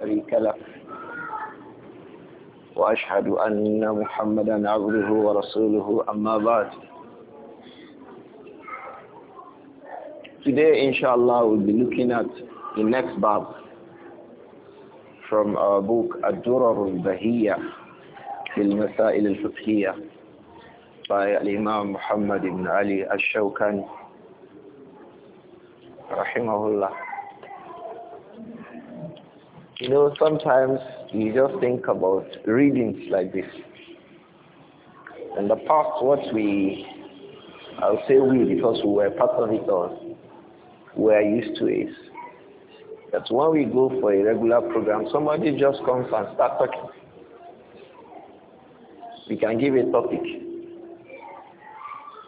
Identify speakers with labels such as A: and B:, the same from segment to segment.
A: شريك له وأشهد أن محمدا عبده ورسوله أما بعد Today inshallah we'll be looking at the next bab from our book al-Bahiyya, Al-Masail al-Fiqhiyya, by Imam Muhammad ibn Ali al-Shawkani, rahimahullah. You know, sometimes you just think about readings like this. In the past, what we, I'll say we because we were part of it all, we are used to is that when we go for a regular program, somebody just comes and starts talking. We can give a topic.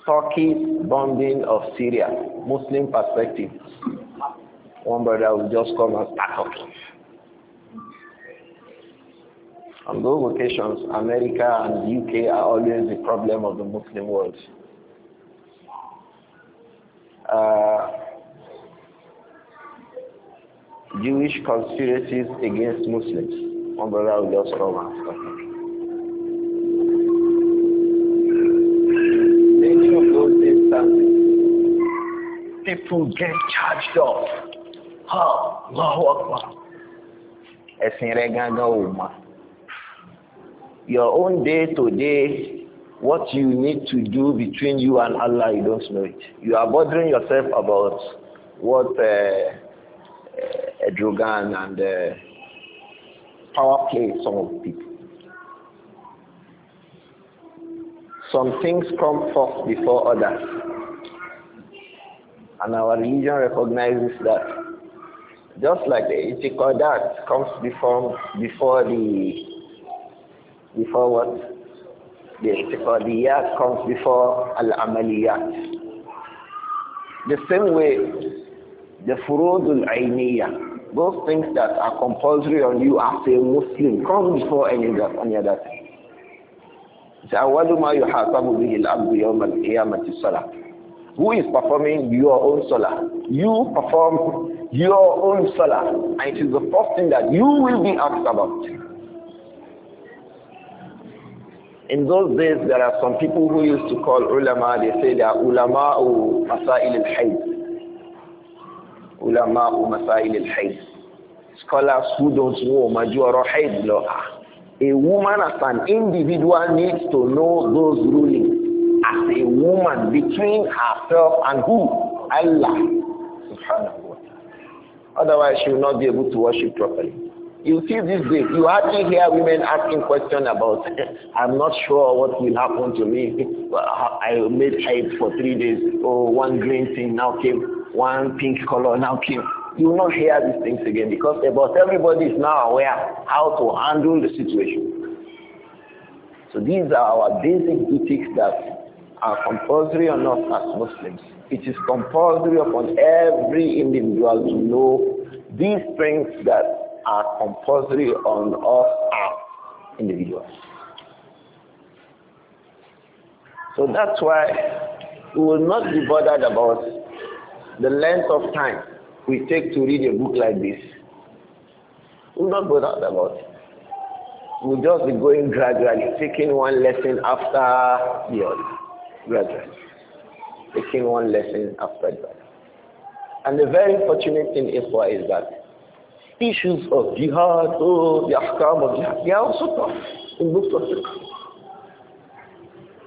A: Turkey bombing of Syria, Muslim perspective. One brother will just come and start talking. On those occasions, America and UK are always the problem of the Muslim world. Uh, Jewish conspiracies against Muslims. on the will just come and people get charged up. Allahu Akbar. Ẹ̀sìn rẹ̀ gángan ò your own day to day, what you need to do between you and Allah, you don't know it. You are bothering yourself about what uh, uh, and uh, power play some of people. Some things come first before others. And our religion recognizes that. Just like the etiquette that comes before, before the before what? The i'tiqadiyat comes before al-amaliyat. The same way, the furudul ainiya those things that are compulsory on you as a Muslim, come before any other, any other thing. ما يحاسب به العبد يوم القيامة الصلاة who is performing your own salah. You perform your own salah. And it is the first thing that you will be asked about. In those days, there are some people who used to call ulama, they say they are ulama masail al-hayd. Ulama masail al-hayd. Scholars who don't know major hayd A woman as an individual needs to know those rulings as a woman between herself and who? Allah subhanahu wa ta'ala. Otherwise she will not be able to worship properly. You see these days, you hardly hear women asking questions about, I'm not sure what will happen to me. I made hype for three days. Oh, one green thing now came, one pink color now came. You will not hear these things again because about everybody is now aware how to handle the situation. So these are our basic duties that are compulsory on us as Muslims. It is compulsory upon every individual to know these things that are compulsory on us as individuals. So that's why we will not be bothered about the length of time we take to read a book like this. We will not bothered about it. We'll just be going gradually, taking one lesson after the other. Gradually. Taking one lesson after the other. And the very fortunate thing is what is that issues of jihad, oh, the ahkam of jihad, they are also taught in books of fiqh.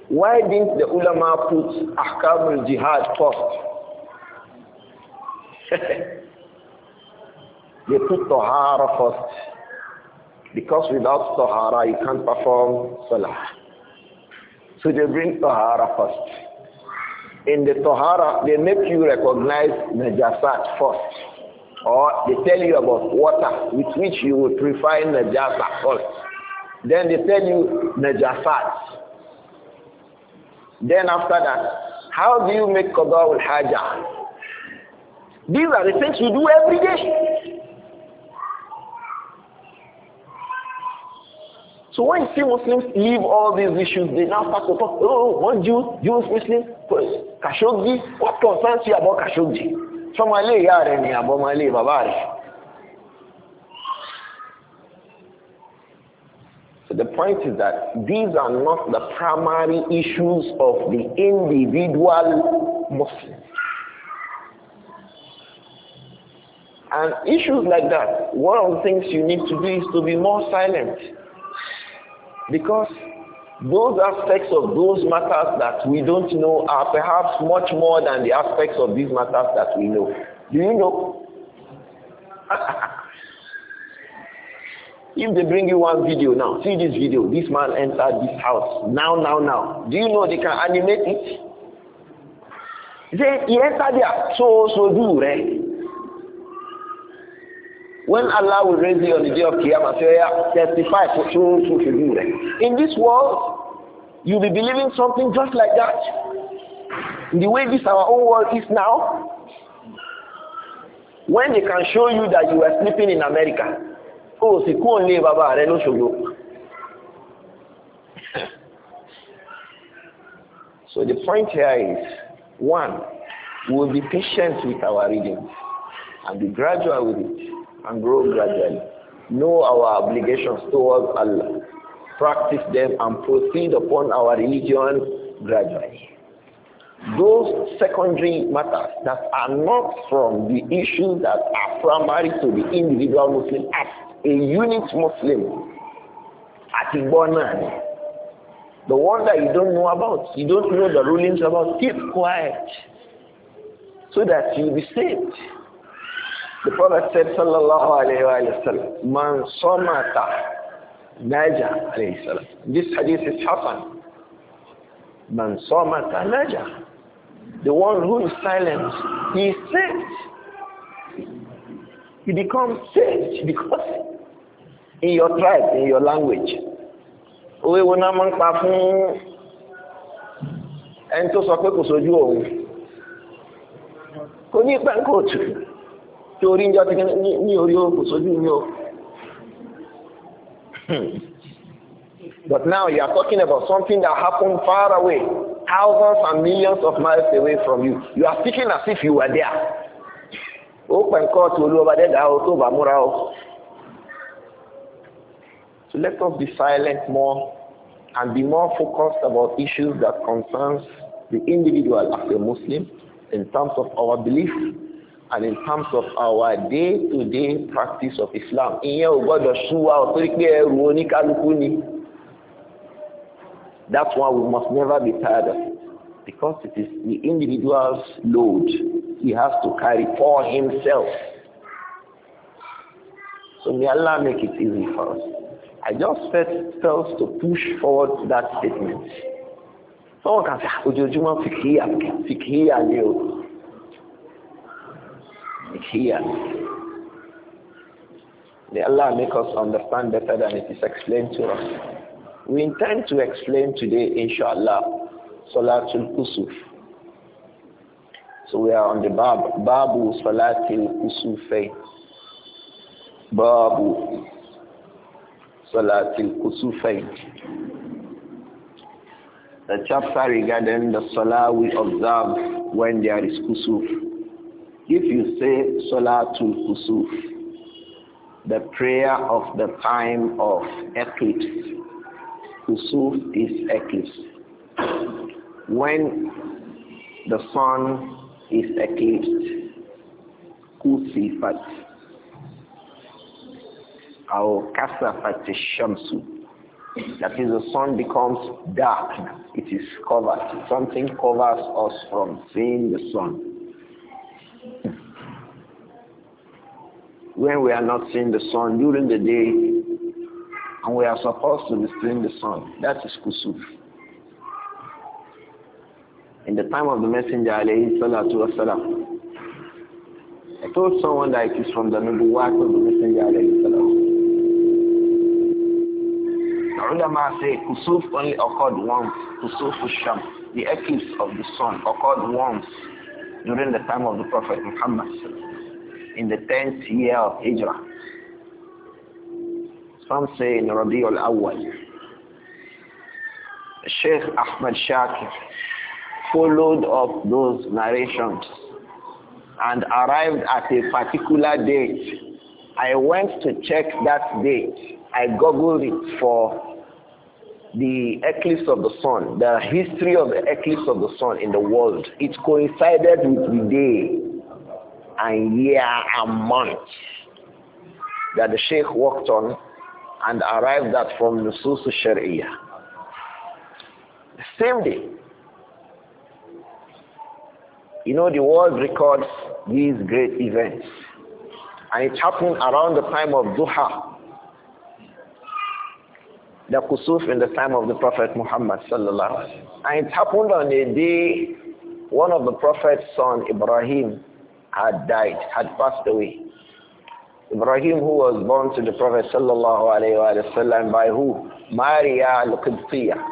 A: Why didn't the ulama put ahkam al-jihad first? they put tahara first. Because without tahara you can't perform salah. So they bring tahara first. In the tahara, they make you recognize najasat first. Or they tell you about water with which you would refine najasa first. Then they tell you najasat. Then after that, how do you make qada al haja? These are the things you do every day. So when you see Muslims leave all these issues, they now start to talk, oh, what you use Muslim? Khashoggi, what concerns you about Khashoggi? ni So the point is that these are not the primary issues of the individual Muslim. And issues like that, one of the things you need to do is to be more silent. Because those aspects of those matters that we don't know are perhaps much more than the aspects of these matters that we know. Do you know? if they bring you one video now, see this video, this man entered this house, now, now, now. Do you know they can animate it? They, he entered there, so, so do, right? When Allah will raise you on the day of Qiyamah, say, testify for true to do In this world, you'll be believing something just like that. the way this our own world is now, when they can show you that you were sleeping in America, oh, siku ni baba areno no shogo. So the point here is, one, we will be patient with our reading and be gradual with it and grow gradually. Know our obligations towards Allah. Practice them and proceed upon our religion gradually. Those secondary matters that are not from the issues that are primary to the individual Muslim as a unit Muslim at Ibonan. The one that you don't know about, you don't know the rulings about, keep quiet so that you'll be saved. The Prophet said, sallallahu Alaihi Wasallam sallam, man somata naja alayhi salam. This hadith is Hassan. Man somata naja. The one who is silent, he is saved. He becomes saved because in your tribe, in your language. we will not máa ń pa fún ẹni tó sọ pé kò sojú òun? Kò ní pẹ́ńkòtù tí orí ń jọ ti ori n ni ori o kò sójú o. But now you are talking about something that happened far away, thousands and millions of miles away from you. You are speaking as if you were there. Ó pẹ̀ǹkọ́ tí olúwa dẹ́dà o tó bá múra o. So let us be silent more and be more focused about issues that concerns the individual as a Muslim in terms of our belief and in terms of our day-to-day practice of Islam ìyẹn ò gbọ́dọ̀ sú ò torí pé ẹrù oníkálukú ni that one we must never be tired of it because it is the individual's load he has to carry for himself so may Allah make it easy for us I just felt felt to push forward that statement someone can say ojoojúmọ́ fìkìyà fìkìyà ni o. It's here. May Allah make us understand better than it is explained to us. We intend to explain today, inshallah, Salatul Kusuf. So we are on the Bab, Babu Salatul kusufay, Babu Salatul kusufay. The chapter regarding the Salah we observe when there is Kusuf. If you say Salatul Kusuf, the prayer of the time of eclipse, Kusuf is eclipse. When the sun is eclipsed, Kusifat, or Kasafat Shamsu, that is the sun becomes dark it is covered something covers us from seeing the sun when we are not seeing the sun during the day and we are supposed to be seeing the sun. That is kusuf. In the time of the Messenger, alayhi salatu wasalam, I told someone that it is from the Nubuwat of the Messenger, alayhi salatu the ulama say kusuf only occurred once, kusuf sham, the eclipse of the sun occurred once during the time of the Prophet Muhammad in the 10th year of Hijrah. Some say in Rabi al-Awwal. Sheikh Ahmad Shakir followed up those narrations and arrived at a particular date. I went to check that date. I googled it for the eclipse of the sun, the history of the eclipse of the sun in the world. It coincided with the day and year and month that the Sheikh worked on and arrived at from Nusus Sharia. Same day. You know, the world records these great events. And it happened around the time of Duha, the Kusuf in the time of the Prophet Muhammad sallallahu And it happened on a day one of the Prophet's son, Ibrahim, had died, had passed away. Ibrahim, who was born to the Prophet sallallahu alayhi wasallam by who? Maria al-Qibtiyah,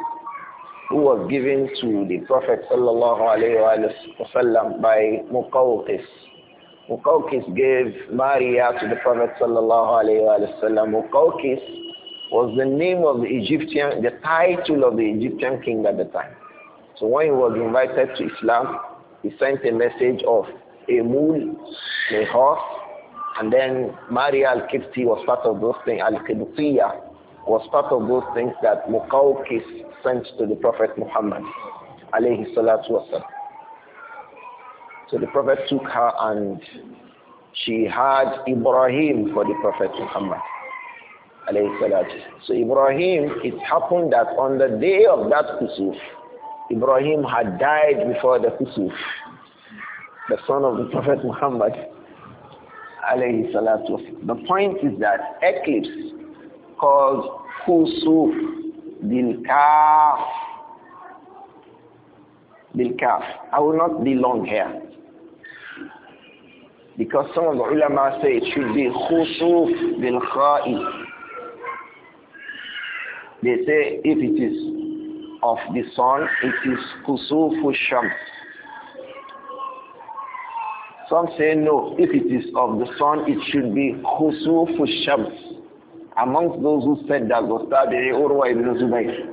A: who was given to the Prophet sallallahu alayhi wasallam by Muqawqis. Muqawqis gave Maria to the Prophet sallallahu alayhi wasallam. Muqawqis was the name of the Egyptian, the title of the Egyptian king at the time. So when he was invited to Islam, he sent a message of a mule, a horse, and then Maria al-Qibti was part of those things, al-Qibtiyya was part of those things that Muqawqis sent to the Prophet Muhammad So the Prophet took her and she had Ibrahim for the Prophet Muhammad So Ibrahim, it happened that on the day of that kusuf, Ibrahim had died before the kusuf the son of the Prophet Muhammad. The point is that eclipse called Khusuf bil Kaf. Bil Kaf. I will not be long here. Because some of the ulama say it should be Khusuf bil Kha'i. They say if it is of the sun, it is Khusuf shams some say no, if it is of the sun, it should be khusufu shams. Amongst those who said that was Tabi'i Urwa ibn Zubayr.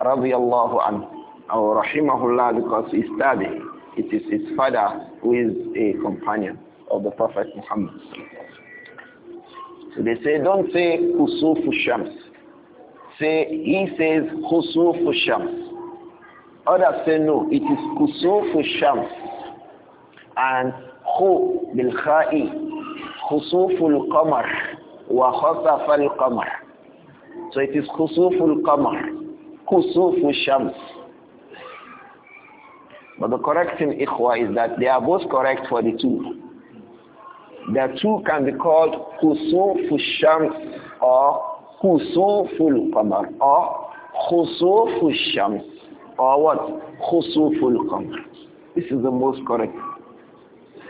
A: Radiallahu anhu. Or rahimahullah because he's Tabi'i. It is his father who is a companion of the Prophet Muhammad. So they say, don't say khusufu shams. Say, he says khusufu shams. Others say no, it is khusufu shams and خو بالخاء خصوف القمر وخطف القمر so it is خصوف القمر خصوف الشمس but the correct thing, ikhwa is that they are both correct for the two the two can be called خصوف الشمس or خصوف القمر or خصوف الشمس or what خصوف القمر this is the most correct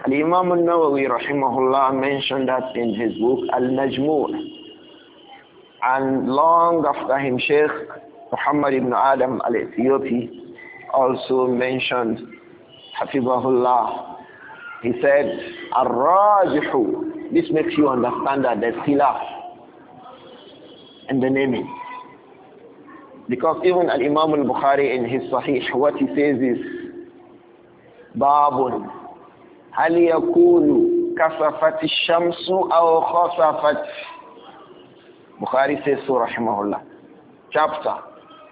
A: Al-Imam al-Nawawi rahimahullah mentioned that in his book Al-Najmu' and long after him Sheikh Muhammad ibn Adam al-Ethiopi also mentioned Hafizahullah he said Ar-Rajihu this makes you understand that there's khilaf in the naming because even al-Imam al-Bukhari in his Sahih what he says is Babun هل يقول كففت الشمس أو خففت Bukhari says so rahimahullah chapter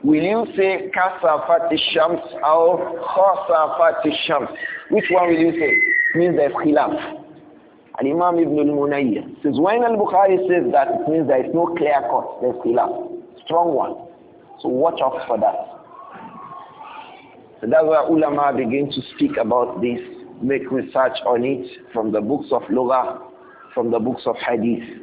A: will you say kasafat shams or khasafat shams which one will you say means there is khilaf and imam ibn al says when al-bukhari says that it means there is no clear cut there is khilaf strong one so watch out for that so that's where ulama begin to speak about this make research on it from the books of Luga, from the books of Hadith.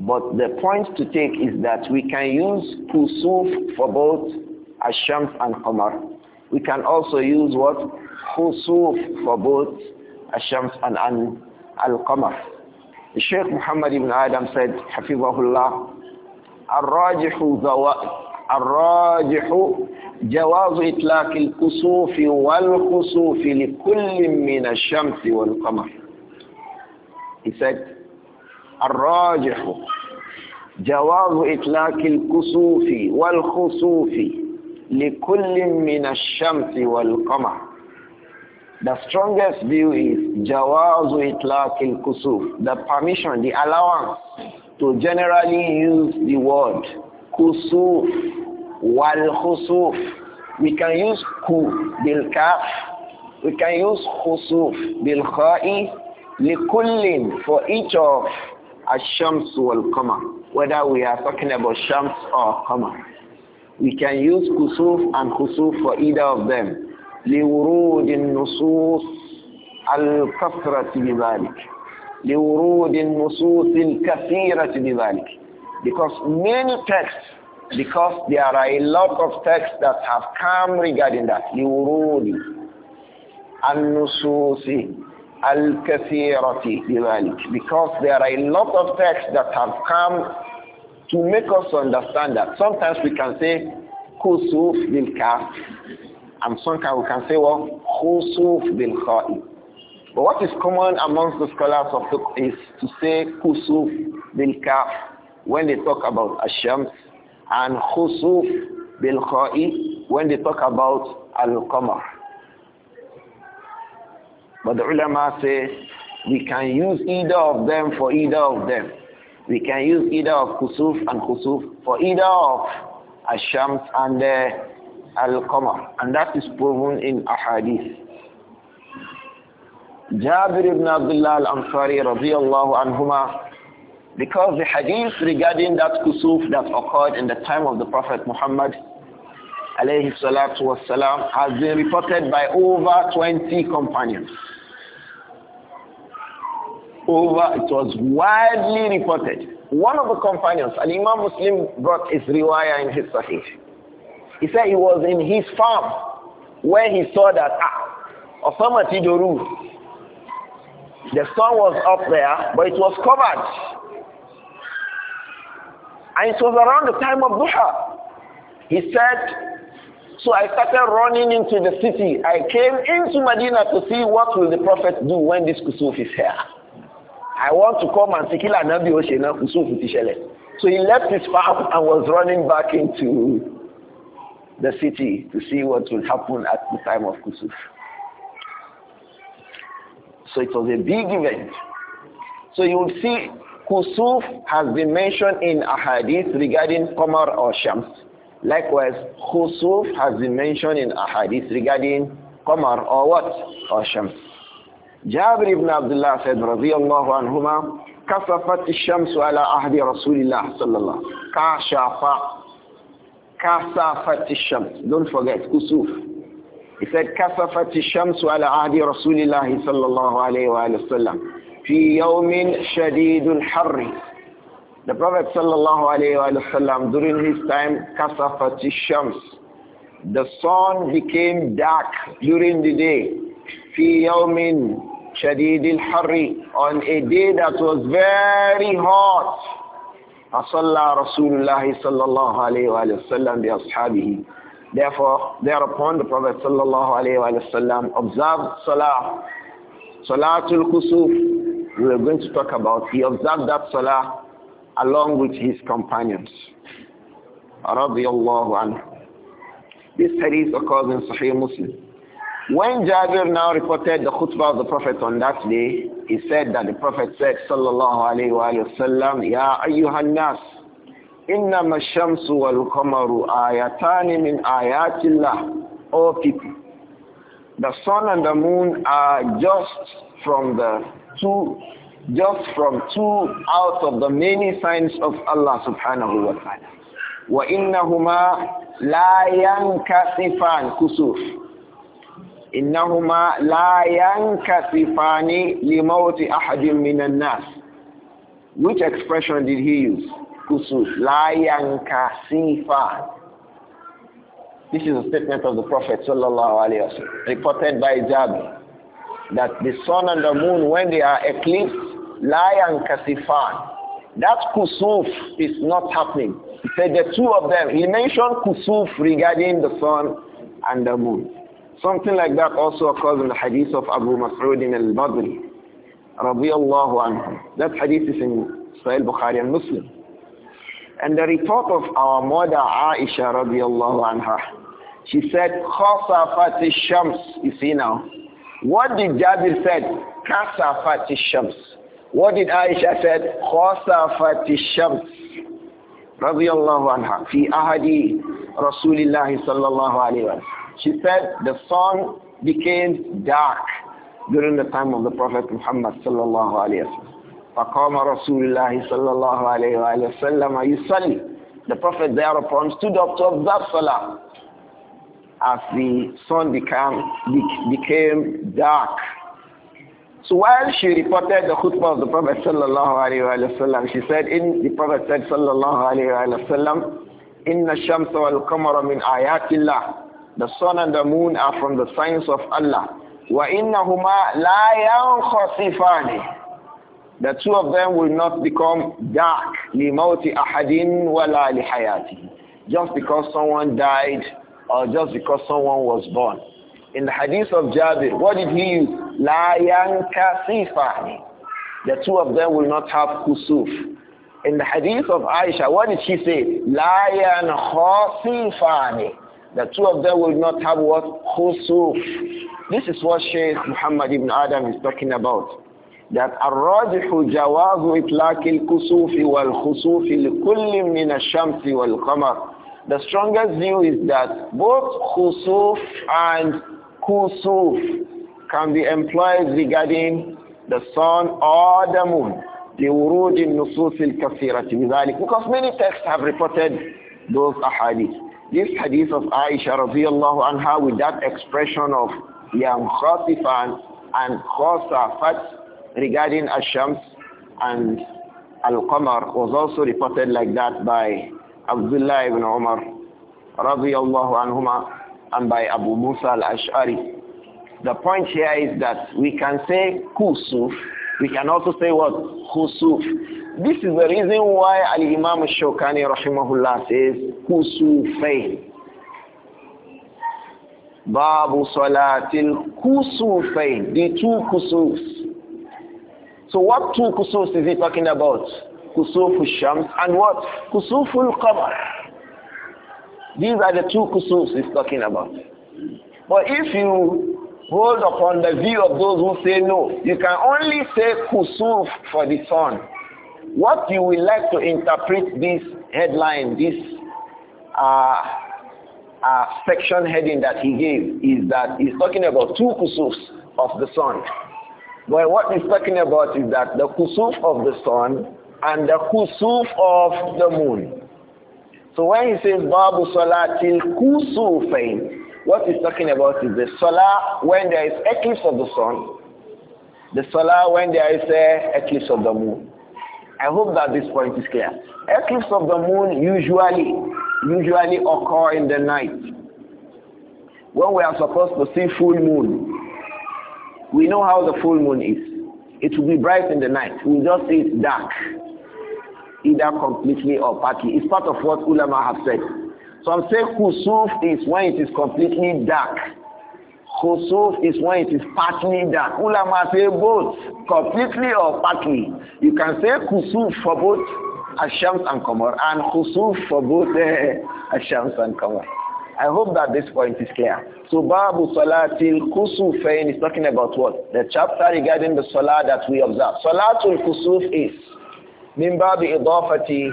A: But the point to take is that we can use Kusuf for both Ashams and Qamar. We can also use what? Khusuf for both Ashams and, Al-Qamar. The Sheikh Muhammad ibn Adam said, Hafizahullah, الراجح جواز إطلاق الكسوف والخسوف لكل من الشمس والقمر He said الراجح جواز إطلاق الكسوف والخسوف لكل من الشمس والقمر The strongest view is جواز إطلاق الكسوف The permission, the allowance to generally use the word كسوف wal khusuf we can use ku bil kaf we can use khusuf bil kha'i likullin for each of ash-shams wal qamar whether we are talking about shams or qamar we can use khusuf and khusuf for either of them لورود النصوص الكثرة بذلك لورود النصوص الكثيرة بذلك because many texts because there are a lot of texts that have come regarding that. لورود النصوص الكثيرة بذلك. Because there are a lot of texts that have come to make us understand that. Sometimes we can say khusuf bil kaf and sometimes we can say what well, khusuf bil kha'i. But what is common amongst the scholars of fiqh is to say khusuf bil kaf when they talk about ashams and khusuf bil kha'i when they talk about al-qamar. But the ulama say we can use either of them for either of them. We can use either of khusuf and khusuf for either of ashams and uh, al-qamar. And that is proven in ahadith. Jabir ibn Abdullah al-Ansari radiallahu anhumah because the hadith regarding that kusuf that occurred in the time of the Prophet Muhammad alayhi salatu wasalam, has been reported by over 20 companions. Over, it was widely reported. One of the companions, an Imam Muslim brought his riwayah in his sahih. He said he was in his farm where he saw that, ah, Osama Tidoru, the sun was up there, but it was covered and it was around the time of Duha. He said, so I started running into the city. I came into Medina to see what will the Prophet do when this Kusuf is here. I want to come and see Kila Nabi Oshena Kusuf Tishele. So he left his farm and was running back into the city to see what will happen at the time of Kusuf. So it was a big event. So you will see Khusuf has been mentioned in a hadith regarding Qamar or Shams. Likewise, Khusuf has been mentioned in a hadith regarding Qamar or what? Or Shams. Jabir ibn Abdullah said, radiyallahu anhuma, kasafat ash-shamsu ala ahdi Rasulillah الله kashafa kasafat ash الشمس. Don't forget, Khusuf. He said, kasafat ash-shamsu ala ahdi Rasulillah sallallahu alayhi wa وسلم. في يوم شديد الحر the prophet sallallahu alaihi wasallam during his time kasafat shams the sun became dark during the day في يوم شديد الحر on a day that was very hot فصلى رسول الله صلى الله عليه وآله وسلم بأصحابه Therefore, thereupon the Prophet صلى الله عليه وآله وسلم observed Salah, Salatul Kusuf, we are going to talk about, he observed that salah along with his companions. This hadith occurs in Sahih Muslim. When Jabir now reported the khutbah of the Prophet on that day, he said that the Prophet said, Sallallahu Alaihi Wasallam, Ya ayyuhan nas, innama shamsu wal kamaru ayatani min ayatillah. O people, the sun and the moon are just from the Two, just from two out of the many signs of Allah subhanahu wa ta'ala. Wa وَإِنَّهُمَا لَا kusuf. كُسُوفٍ la yankasifani ينكسفان لموت أحد من nas. Which expression did he use? Kusuf. La yankasifan. This is a statement of the Prophet sallallahu alayhi wa sallam, reported by Jabir that the sun and the moon, when they are eclipsed, lie and kasifan. That kusuf is not happening. He said the two of them, he mentioned kusuf regarding the sun and the moon. Something like that also occurs in the hadith of Abu Mas'ud in al-Badri. Radiallahu anhu. That hadith is in Sahih Bukhari and Muslim. And the report of our mother Aisha radiallahu anha, she said, خَصَفَتِ الشَّمْسِ You see now, what did Jabir said? Kasafati shams. What did Aisha said? Khasafati shams. Radiallahu anha. Fi ahadi Rasulillahi sallallahu alayhi wa She said the sun became dark during the time of the Prophet Muhammad sallallahu alayhi wa sallam. فقام رسول الله صلى الله عليه وسلم يصلي. The Prophet thereupon stood up to observe salah as the sun became, became dark. So while she reported the khutbah of the Prophet sallallahu alaihi wasallam, she said, "In the Prophet said sallallahu alaihi wasallam, Inna shamsa wal qamara min ayatillah. The sun and the moon are from the signs of Allah. Wa inna huma la yankhasifani. The two of them will not become dark. Li mauti ahadin wa la li hayati. Just because someone died or just because someone was born. In the hadith of Jabir, what did he use? La yankasifani. The two of them will not have kusuf. In the hadith of Aisha, what did she say? La yankhasifani. The two of them will not have what? Khusuf. This is what Shaykh Muhammad ibn Adam is talking about. That الراجح جواز إطلاق wal والخسوف لكل shamsi wal والقمر the strongest view is that both khusuf and khusuf can be employed regarding the sun or the moon. لورود النصوص الكثيرة بذلك because many texts have reported those ahadith. This hadith of Aisha رضي الله عنها with that expression of ينخطفان and خصفت regarding Ashams and Al-Qamar was also reported like that by Abdullah ibn Umar radiallahu anhuma and by Abu Musa al-Ash'ari. The point here is that we can say kusuf, we can also say what? Khusuf. This is the reason why Al-Imam Shawkani rahimahullah says kusufain. Babu Salatil Kusufain, the two Khusufs. So what two Kusufs is he talking about? Kusufu shams and what? kusufu al-Qamar. These are the two Kusufs he's talking about. But if you hold upon the view of those who say no, you can only say Kusuf for the sun. What you will like to interpret this headline, this uh, uh, section heading that he gave is that he's talking about two kusufs of the sun. But what he's talking about is that the kusuf of the sun and the kusuf of the moon. So when he says Babu Salatil Kusufain, what he's talking about is the Salah when there is eclipse of the sun, the Salah when there is a uh, eclipse of the moon. I hope that this point is clear. Eclipse of the moon usually, usually occur in the night. When we are supposed to see full moon, we know how the full moon is. It will be bright in the night. We just see it dark either completely or partly. It's part of what ulama have said. Some say khusuf is when it is completely dark. Khusuf is when it is partly dark. Ulama say both, completely or partly. You can say khusuf for both Ashams and Qamar and khusuf for both uh, Ashams and Qamar. I hope that this point is clear. So Babu Salatil Kusufain eh, is talking about what? The chapter regarding the Salah that we observe. Salatul Kusuf is من باب إضافة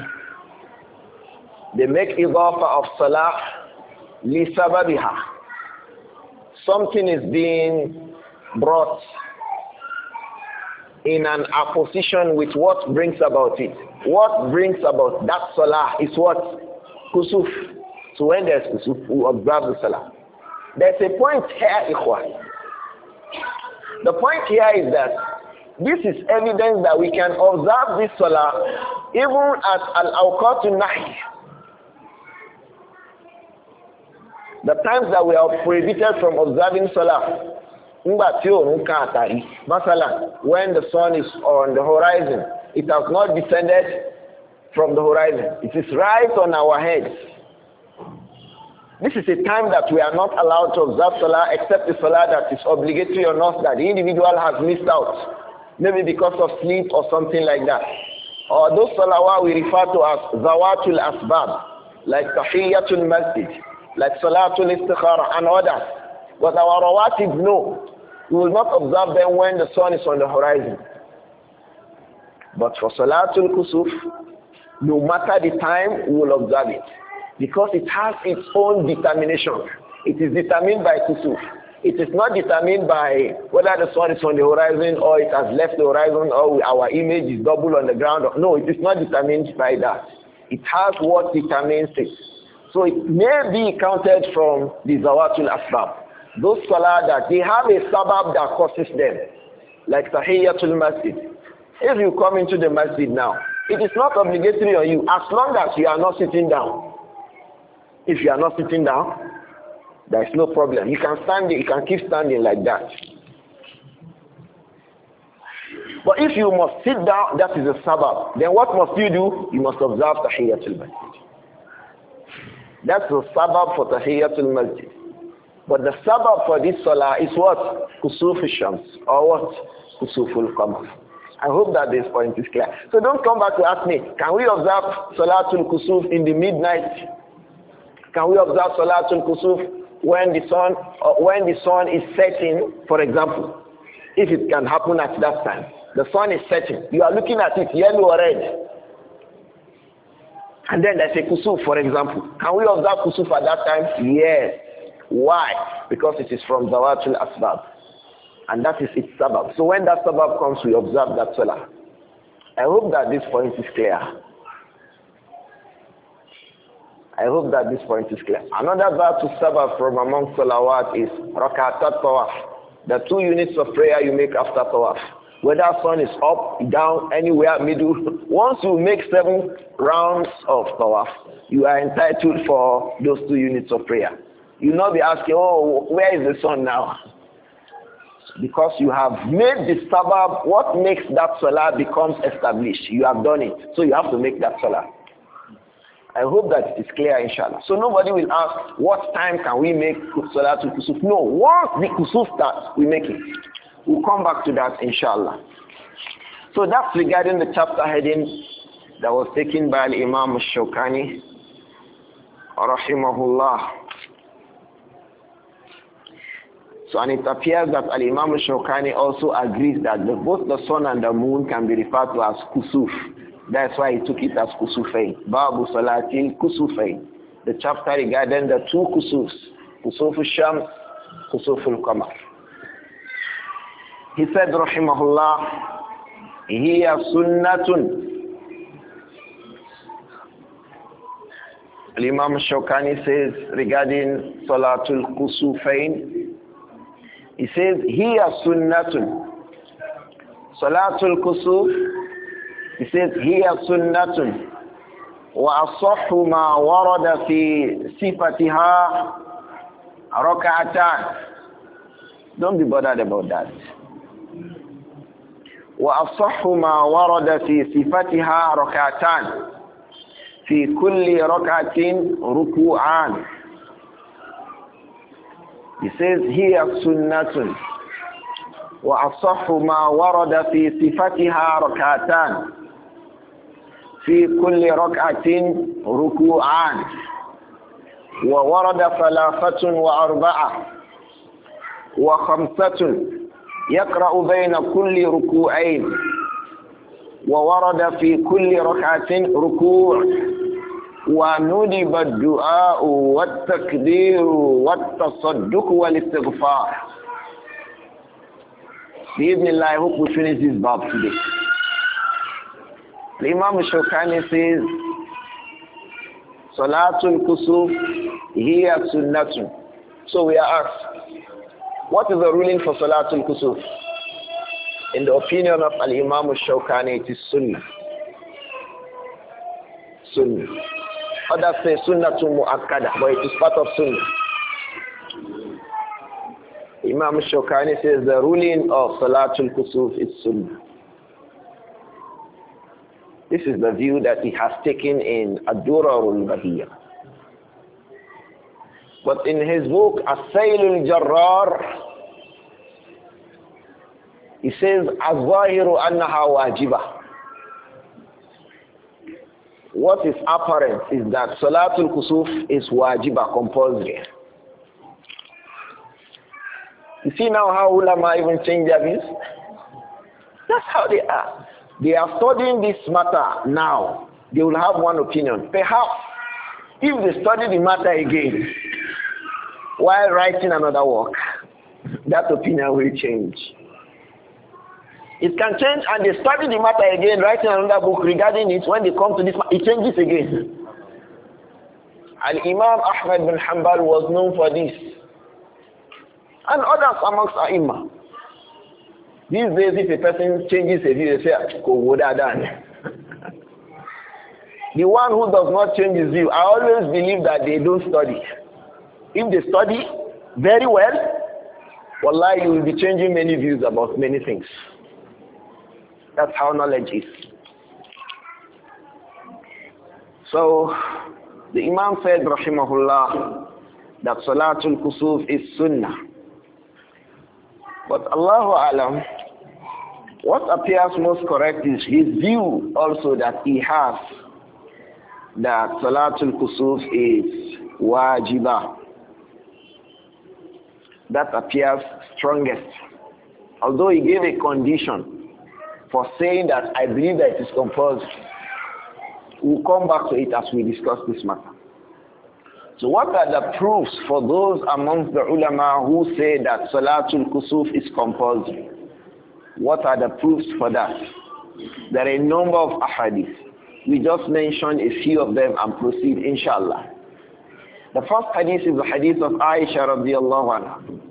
A: they make إضافة of صلاح لسببها something is being brought in an opposition with what brings about it. What brings about that salah is what? Kusuf. So when there's kusuf, we observe the salah. There's a point here, Ikhwan. The point here is that this is evidence that we can observe this salah even at Al-Awqatun Nahi. The times that we are prohibited from observing salah. Masala, when the sun is on the horizon, it has not descended from the horizon. It is right on our heads. This is a time that we are not allowed to observe Salah except the Salah that is obligatory on us that the individual has missed out maybe because of sleep or something like that. Or those salawat we refer to as zawatul asbab, like tahiyatul masjid, like salatul istikhara and others. But our rawatib, no. We will not observe them when the sun is on the horizon. But for salatul kusuf, no matter the time, we will observe it. Because it has its own determination. It is determined by kusuf. It is not determined by whether the sun is on the horizon or it has left the horizon or our image is double on the ground. No, it is not determined by that. It has what determines it. So it may be counted from the Zawatul Asbab. Those scholars that they have a suburb that causes them, like Tahiyyatul Masjid. If you come into the masjid now, it is not obligatory on you as long as you are not sitting down. If you are not sitting down, there is no problem. You can stand it, you can keep standing like that. But if you must sit down, that is a sabbath. Then what must you do? You must observe tahiyatul Masjid. That's the sabbath for tahiyatul Masjid. But the sabbath for this salah is what? Kusuf Shams or what? Kusuful Qamar. I hope that this point is clear. So don't come back to ask me, can we observe Salatul Kusuf in the midnight? Can we observe Salatul Kusuf when the sun uh, when the sun is setting, for example, if it can happen at that time. The sun is setting. You are looking at it yellow or red. And then there's a kusuf, for example. Can we observe kusuf at that time? Yes. Why? Because it is from Zawatul Asbab. And that is its sabab. So when that sabab comes, we observe that salah. I hope that this point is clear. I hope that this point is clear. Another verse to sabah from among salawat is rakatat tawaf. The two units of prayer you make after tawaf. Whether sun is up, down, anywhere, middle. Once you make seven rounds of tawaf, you are entitled for those two units of prayer. You'll not be asking, oh, where is the sun now? Because you have made the sabah, what makes that salah becomes established? You have done it. So you have to make that salah. I hope that it is clear, inshallah. So nobody will ask, what time can we make Salatul Kusuf? No, once the Kusuf starts, we make it. We'll come back to that, inshallah. So that's regarding the chapter heading that was taken by Imam Shawkani, rahimahullah. So and it appears that Al-Imam Shawkani also agrees that the, both the sun and the moon can be referred to as Kusuf. That's why he took it as Kusufain. Babu Salatil kusufay. The chapter regarding the two Kusufs. Kusuf al-Shams, Kusuf al-Qamar. He said, Rahimahullah, Hiya Sunnatun. Imam Shokani says regarding Salatul Kusufain, he says, Hiya Sunnatun. Salatul Kusuf He says, here sunnatun. وأصح ما ورد في صفتها ركعتان Don't be bothered about that. وأصح ما ورد في صفتها ركعتان في كل ركعة ركوعان He says هي سنة وأصح ما ورد في صفتها ركعتان في كل ركعة ركوعان وورد ثلاثة وأربعة وخمسة يقرأ بين كل ركوعين وورد في كل ركعة ركوع وندب الدعاء والتكبير والتصدق والاستغفار بإذن الله hope we finish this bab today Imam Shokani says, Salatul Kusuf, here Sunnatun. So we are asked, what is the ruling for Salatul Kusuf? In the opinion of Al Imam Shokani, it is Sunnah. Sunnah. Others say Sunnatun Mu'akkada, but it is part of Sunnah. Imam Shokani says the ruling of Salatul Kusuf is Sunnah. This is the view that he has taken in Ad-Durarul Bahiyya. But in his book, as Jarār, Jarrar, he says, Azwahiru annaha wajiba. What is apparent is that Salatul Kusuf is wajiba, compulsory. You see now how ulama even change their views? That's how they are. They are studying this matter now. They will have one opinion. Perhaps if they study the matter again while writing another work, that opinion will change. It can change and they study the matter again, writing another book regarding it. When they come to this, it changes again. And Imam Ahmad bin Hanbal was known for this. And others amongst Imams. These days, if a person changes a view, they say, ah, The one who does not change his view, I always believe that they don't study. If they study very well, wallahi, you will be changing many views about many things. That's how knowledge is. So, the Imam said, Rahimahullah, that Salatul Kusuf is Sunnah. But Allahu Alam, what appears most correct is his view also that he has that Salatul Kusuf is wajibah. That appears strongest. Although he gave a condition for saying that I believe that it is compulsory. We'll come back to it as we discuss this matter. So what are the proofs for those amongst the ulama who say that Salatul Kusuf is compulsory? What are the proofs for that? There are a number of ahadith. We just mentioned a few of them and proceed, inshallah. The first hadith is the hadith of Aisha radiallahu anha.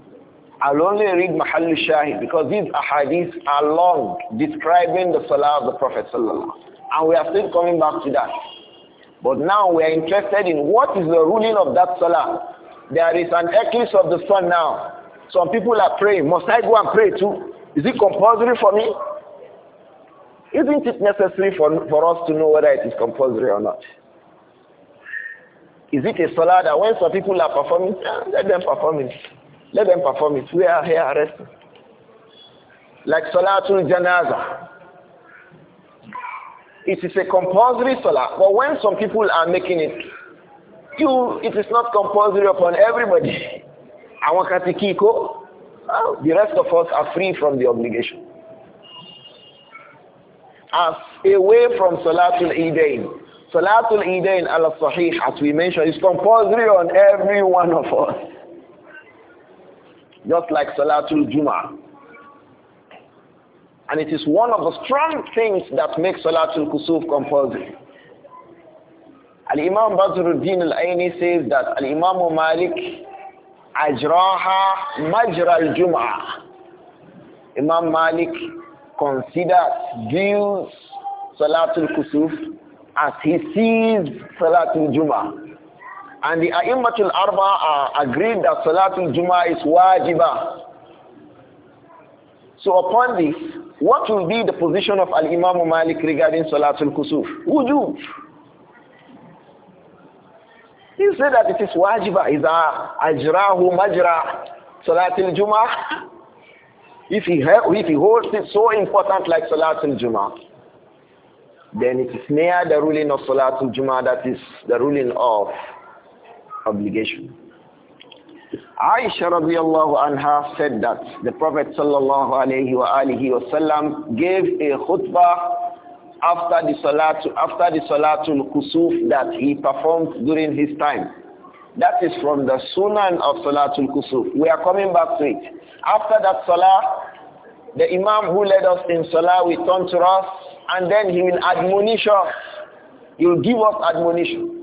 A: I'll only read Mahal Shahid because these ahadith are long, describing the salah of the Prophet sallallahu And we are still coming back to that. But now we are interested in what is the ruling of that salah. There is an eclipse of the sun now. Some people are praying. Must I go and pray too? Is it compulsory for me? Isn't it necessary for, for us to know whether it is compulsory or not? Is it a salah that when some people are performing, ah, let them perform it. Let them perform it. We are here resting. Like Salatul janaza. It is a compulsory salah, but when some people are making it, you, it is not compulsory upon everybody. Àwọn the rest of us are free from the obligation. As away from Salatul Eidain, Salatul Eidain al Sahih, as we mentioned, is compulsory on every one of us. Just like Salatul Jummah. And it is one of the strong things that makes Salatul Kusuf compulsory. Al-Imam Badruddin Al-Aini says that Al-Imam Malik ajraha majra al-jum'ah. Imam Malik considers, views Salatul Kusuf as he sees Salatul Jum'ah. And the A'immatul Arba are agreed that Salatul Jum'ah is wajibah so upon this, what will be the position of Al-Imam Malik regarding Salatul Kusuf? Wujud. He said that it is wajiba, a ajrahu majra Salatul Jum'ah. If he, if he holds it so important like Salatul Jum'ah, then it is near the ruling of Salatul Jum'ah that is the ruling of obligation. Aisha radiallahu anha said that the Prophet sallallahu alayhi wa alihi wasallam gave a khutbah after the salatu after the salatul kusuf that he performed during his time. That is from the sunan of salatul kusuf. We are coming back to it. After that salah, the imam who led us in salah will turn to us and then he will admonish us. He will give us admonition.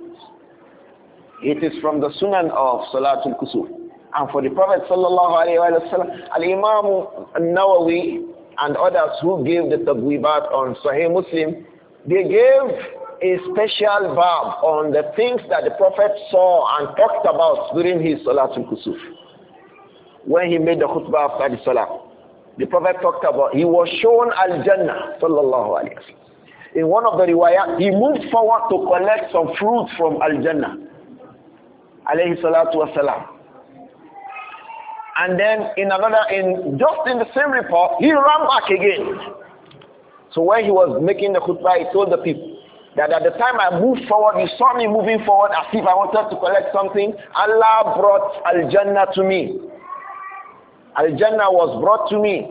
A: It is from the Sunan of Salatul Kusuf. And for the Prophet sallallahu alayhi wa sallam, Al-Imam Nawawi and others who gave the tabwibat on Sahih Muslim, they gave a special verb on the things that the Prophet saw and talked about during his Salatul Kusuf. When he made the khutbah after the Salah, the Prophet talked about, he was shown Al-Jannah sallallahu in one of the riwayat, he moved forward to collect some fruit from Al-Jannah alayhi salatu wasalam. And then in another, in just in the same report, he ran back again. So when he was making the khutbah, he told the people that at the time I moved forward, you saw me moving forward as if I wanted to collect something. Allah brought Al-Jannah to me. Al-Jannah was brought to me.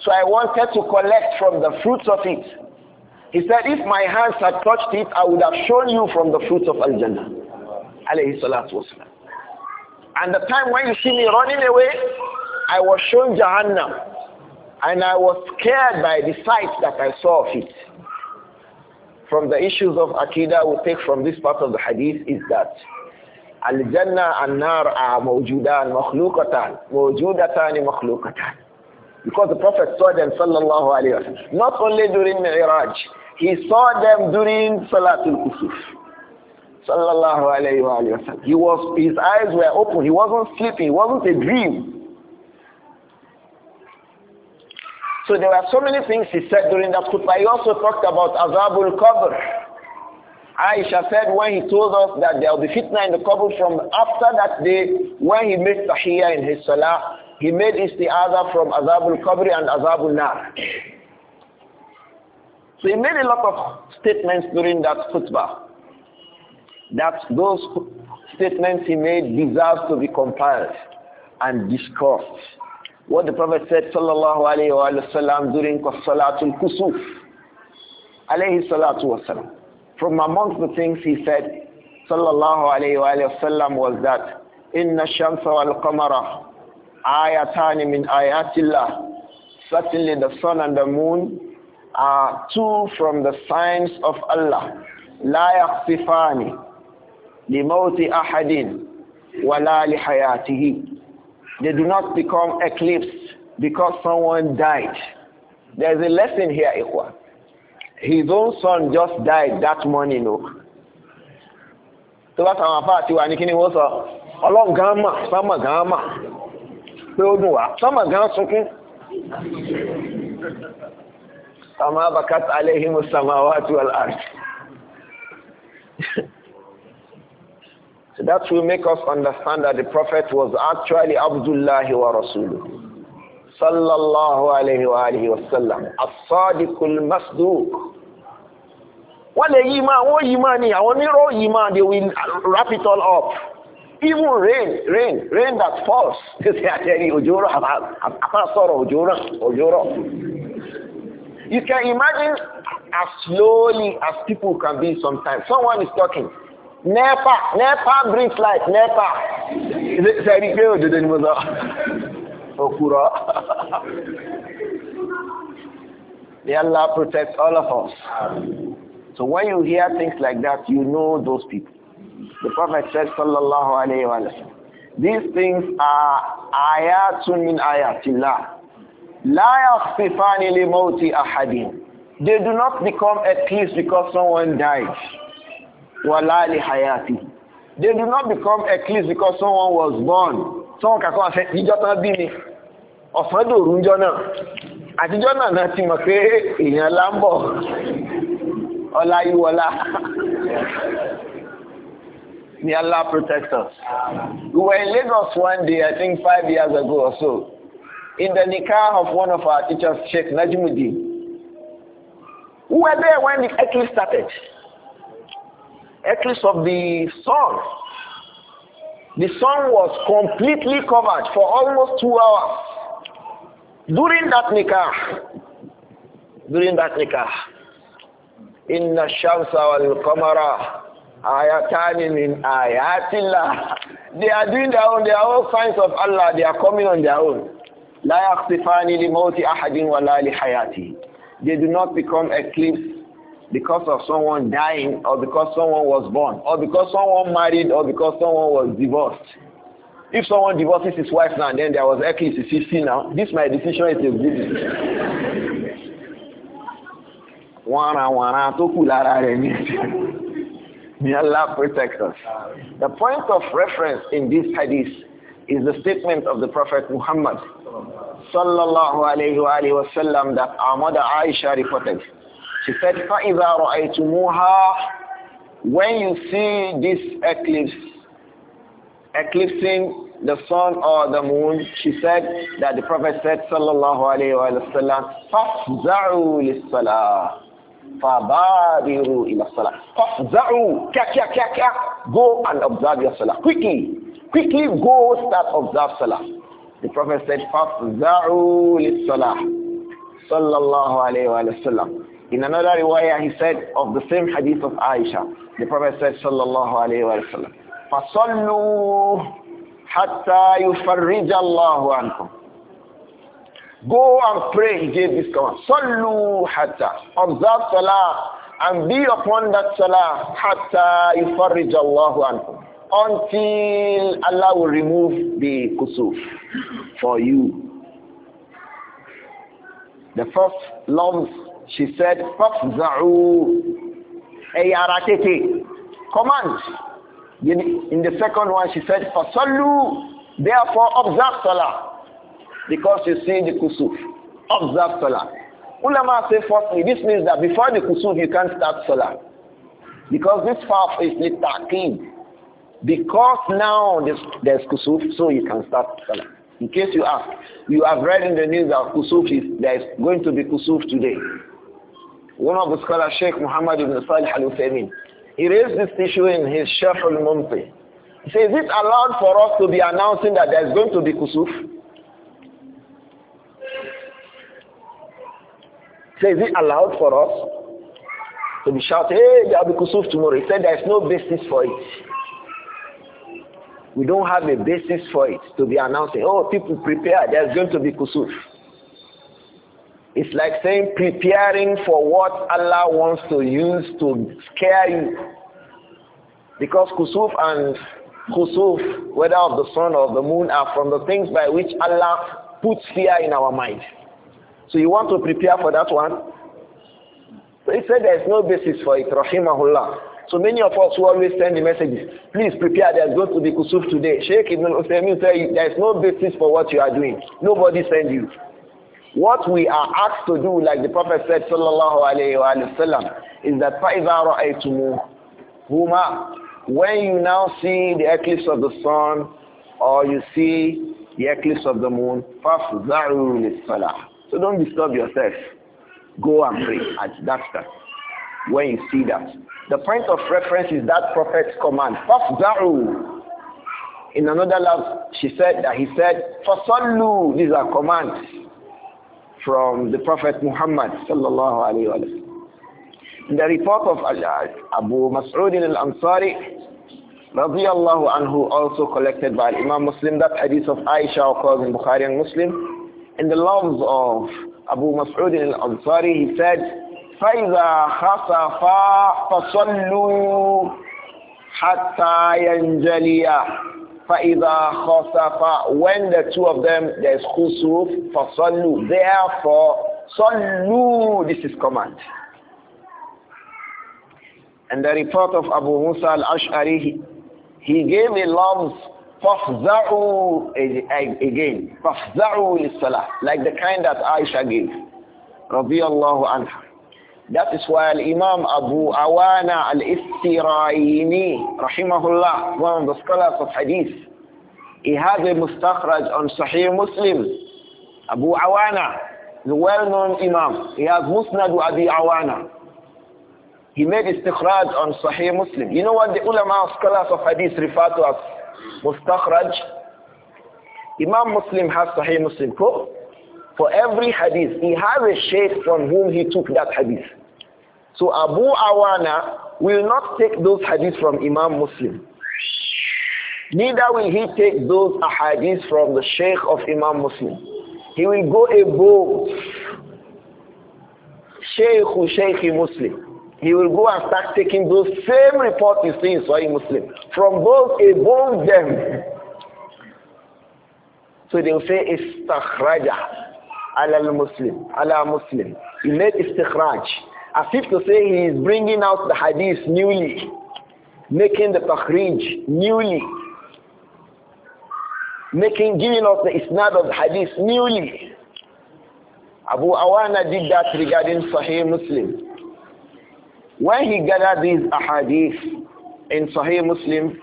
A: So I wanted to collect from the fruits of it. He said, if my hands had touched it, I would have shown you from the fruits of Al-Jannah alayhi salatu wasalam. And the time when you see me running away, I was shown Jahannam. And I was scared by the sight that I saw of it. From the issues of akida we take from this part of the hadith is that Al-Jannah and Nar are mawjudan, makhlukatan, mawjudatan, makhlukatan. Because the Prophet saw them sallallahu alayhi wa Not only during Mi'raj, he saw them during Salatul Kusuf. Sallallahu alayhi wa, He was, his eyes were open. He wasn't sleeping. It wasn't a dream. So there were so many things he said during that khutbah. He also talked about Azabul Qabr. Aisha said when he told us that there will be fitna in the Qabr from after that day when he made Tahiyya in his Salah, he made isti'adha from Azabul Qabr and Azabul Nar. So he made a lot of statements during that khutbah. That those statements he made deserve to be compiled and discussed. What the Prophet said, sallallahu alayhi wa sallam, during Salatul Kusuf, alayhi salatu wasalam. From amongst the things he said, sallallahu alayhi wa sallam, was that, Inna shamsa al qamara ayatani min ayatillah. Certainly the sun and the moon are two from the signs of Allah. لا yaqsifani لِمَوْتِ أَحَدٍ وَلَا لِحَيَاتِهِ They do not become eclipsed because someone died. There's a lesson here, Ikhwan. His own son just died that morning. no? bá tàwọn àfáà tí wà ní kíní wọ́n sọ ọlọ́run gan mà sánmà gan mà pé ó dùn wá sánmà gan sunkún sàmà abakat aléhìmù sàmà wà tí wà láàrín so that will make us understand that the Prophet was actually Abdullah wa Rasuluh. Sallallahu alayhi wa alihi wa sallam. As-sadiqul masduq. Wọ́n lè yí máa, wọ́n yí ni, àwọn onírò yí they will wrap it all up. Even rain, rain, rain that falls. They say, I tell you, Ojoro, Apasoro, Ojoro, Ojoro. You can imagine as slowly as people can be sometimes. Someone is talking. Never, never breathe life, never. Is it sẹ́ni pé òdodo ni mo sọ òkúrọ̀ may Allah protect all of us so when you hear things like that you know those people the prophet said sallallahu alaihi wasallam." these things are ayatun min ayatillah la yakhfifani li mawti ahadin they do not become at peace because someone dies wala li hayati. They do not become eclipsed because someone was born. Someone can come and say, ìjọ tán bí ni. Ọ̀sán dòru ńjọ náà. Àtijọ́ náà náà ti mọ̀ pé èèyàn lá ń bọ̀. Ọlá May Allah protect us. We were in Lagos one day, I think five years ago or so, in the nikah of one of our teachers, Sheikh Najmuddin. We were there when the eclipse started eclipse of the sun. The sun was completely covered for almost two hours. During that nikah, during that nikah, inna shamsa wal qamara ayatani min ayatillah. They are doing their own, are all signs of Allah, they are coming on their own. لا يخطفان لموت أحد ولا لحياته. They do not become eclipsed because of someone dying or because someone was born or because someone married or because someone was divorced. If someone divorces his wife now and then there was Eki to see now, this my decision is a good decision. May Allah protect us. The point of reference in this hadith is the statement of the Prophet Muhammad sallallahu alayhi wa sallam that our mother Aisha reported. She said, فَإِذَا رَأَيْتُمُوهَا When you see this eclipse, eclipsing the sun or the moon, she said that the Prophet said, sallallahu alayhi wasallam, sallam, فَافْزَعُوا لِلصَّلَاةِ فَبَادِرُوا إِلَى الصَّلَاةِ Kya, kya, kya, kya. Go and observe your salah. Quickly. Quickly go start observe salah. The Prophet said, فَافْزَعُوا لِلصَّلَاةِ sallallahu alayhi wasallam.'" In another riwayah, he said of the same hadith of Aisha, the Prophet said, Sallallahu Alaihi Wasallam, فَصَلُّوا حَتَّى يُفَرِّجَ اللَّهُ عَنْكُمْ Go and pray, he gave this command. Sallu hatta. Observe salah and be upon that salah hatta yufarrij Allahu ankum. Until Allah will remove the kusuf for you. The first lumps she said, Fafza'u Ayarakete. Command. In, the second one, she said, Fasallu, therefore observe Salah. Because you see the kusuf. Observe Salah. Ulama say firstly, this means that before the kusuf, you can't start Salah. Because this faf is the taqid. Because now there's, there's kusuf, so you can start Salah. In case you ask, you have read in the news that kusuf is, there is going to be kusuf today. One of the scholars, Sheikh Muhammad ibn Salih al-Uthaymeen, he raised this issue in his Sheikh al-Mumti. He says, is it allowed for us to be announcing that there's going to be kusuf? He says, is it allowed for us to be shouting, hey, there'll be kusuf tomorrow? He said, there's no basis for it we don't have a basis for it to be announcing, oh, people prepare, there's going to be kusuf. It's like saying preparing for what Allah wants to use to scare you. Because kusuf and kusuf, whether of the sun or the moon, are from the things by which Allah puts fear in our mind. So you want to prepare for that one? So he said there is no basis for it, rahimahullah. So many of us who always send the messages, please prepare, there's going to be kusuf today. Sheikh Ibn Uthaymeen said there is no basis for what you are doing. Nobody send you. What we are asked to do, like the Prophet said, sallallahu alayhi wasallam, is that فَإِذَا When you now see the eclipse of the sun, or you see the eclipse of the moon, فَفْزَعُوا لِلصَّلَاةِ So don't disturb yourself. Go and pray at that time when you see that. The point of reference is that prophet's command. Fafza'u. In another love, she said that he said, Fasallu, is a command from the Prophet Muhammad sallallahu alaihi wasallam. In the report of Abu Mas'ud al-Ansari radiyallahu anhu also collected by Imam Muslim that hadith of Aisha occurs in Bukhari and Muslim in the loves of Abu Mas'ud al-Ansari he said فَإِذَا خَسَفَ فَصَلُّوا حَتَّى يَنْجَلِيَ فَإِذَا خَسَفَ When the two of them, there's khusuf, فَصَلُّوا Therefore, صَلُّوا This is command. And the report of Abu Musa al-Ash'ari, he, he gave a lump, فَفْزَعُوا Again, فَفْزَعُوا لِلصَّلَةِ Like the kind that Aisha gave, رضي الله عنها. That is why Imam Abu Awana al-Istiraini, rahimahullah, one of the scholars of hadith, he has a mustakhraj on Sahih Muslim. Abu Awana, the well-known Imam, he has Musnad Abi Awana. He made istikhraj on Sahih Muslim. You know what the ulama scholars of hadith refer to as mustakhraj? Imam Muslim has Sahih Muslim, cool? For every hadith, he has a sheikh from whom he took that hadith. So Abu Awana will not take those hadiths from Imam Muslim. Neither will he take those hadiths from the sheikh of Imam Muslim. He will go above Sheikh Sheikh Muslim. He will go and start taking those same reports you see in Sahih Muslim from those above them. So they will say, Istakhraja alal Muslim, ala Muslim. He made istikhraj. As if to say he is bringing out the hadith newly, making the takhrij newly, making, giving us the isnad of the hadith newly. Abu Awana did that regarding Sahih Muslim. When he gathered these ahadith in Sahih Muslim,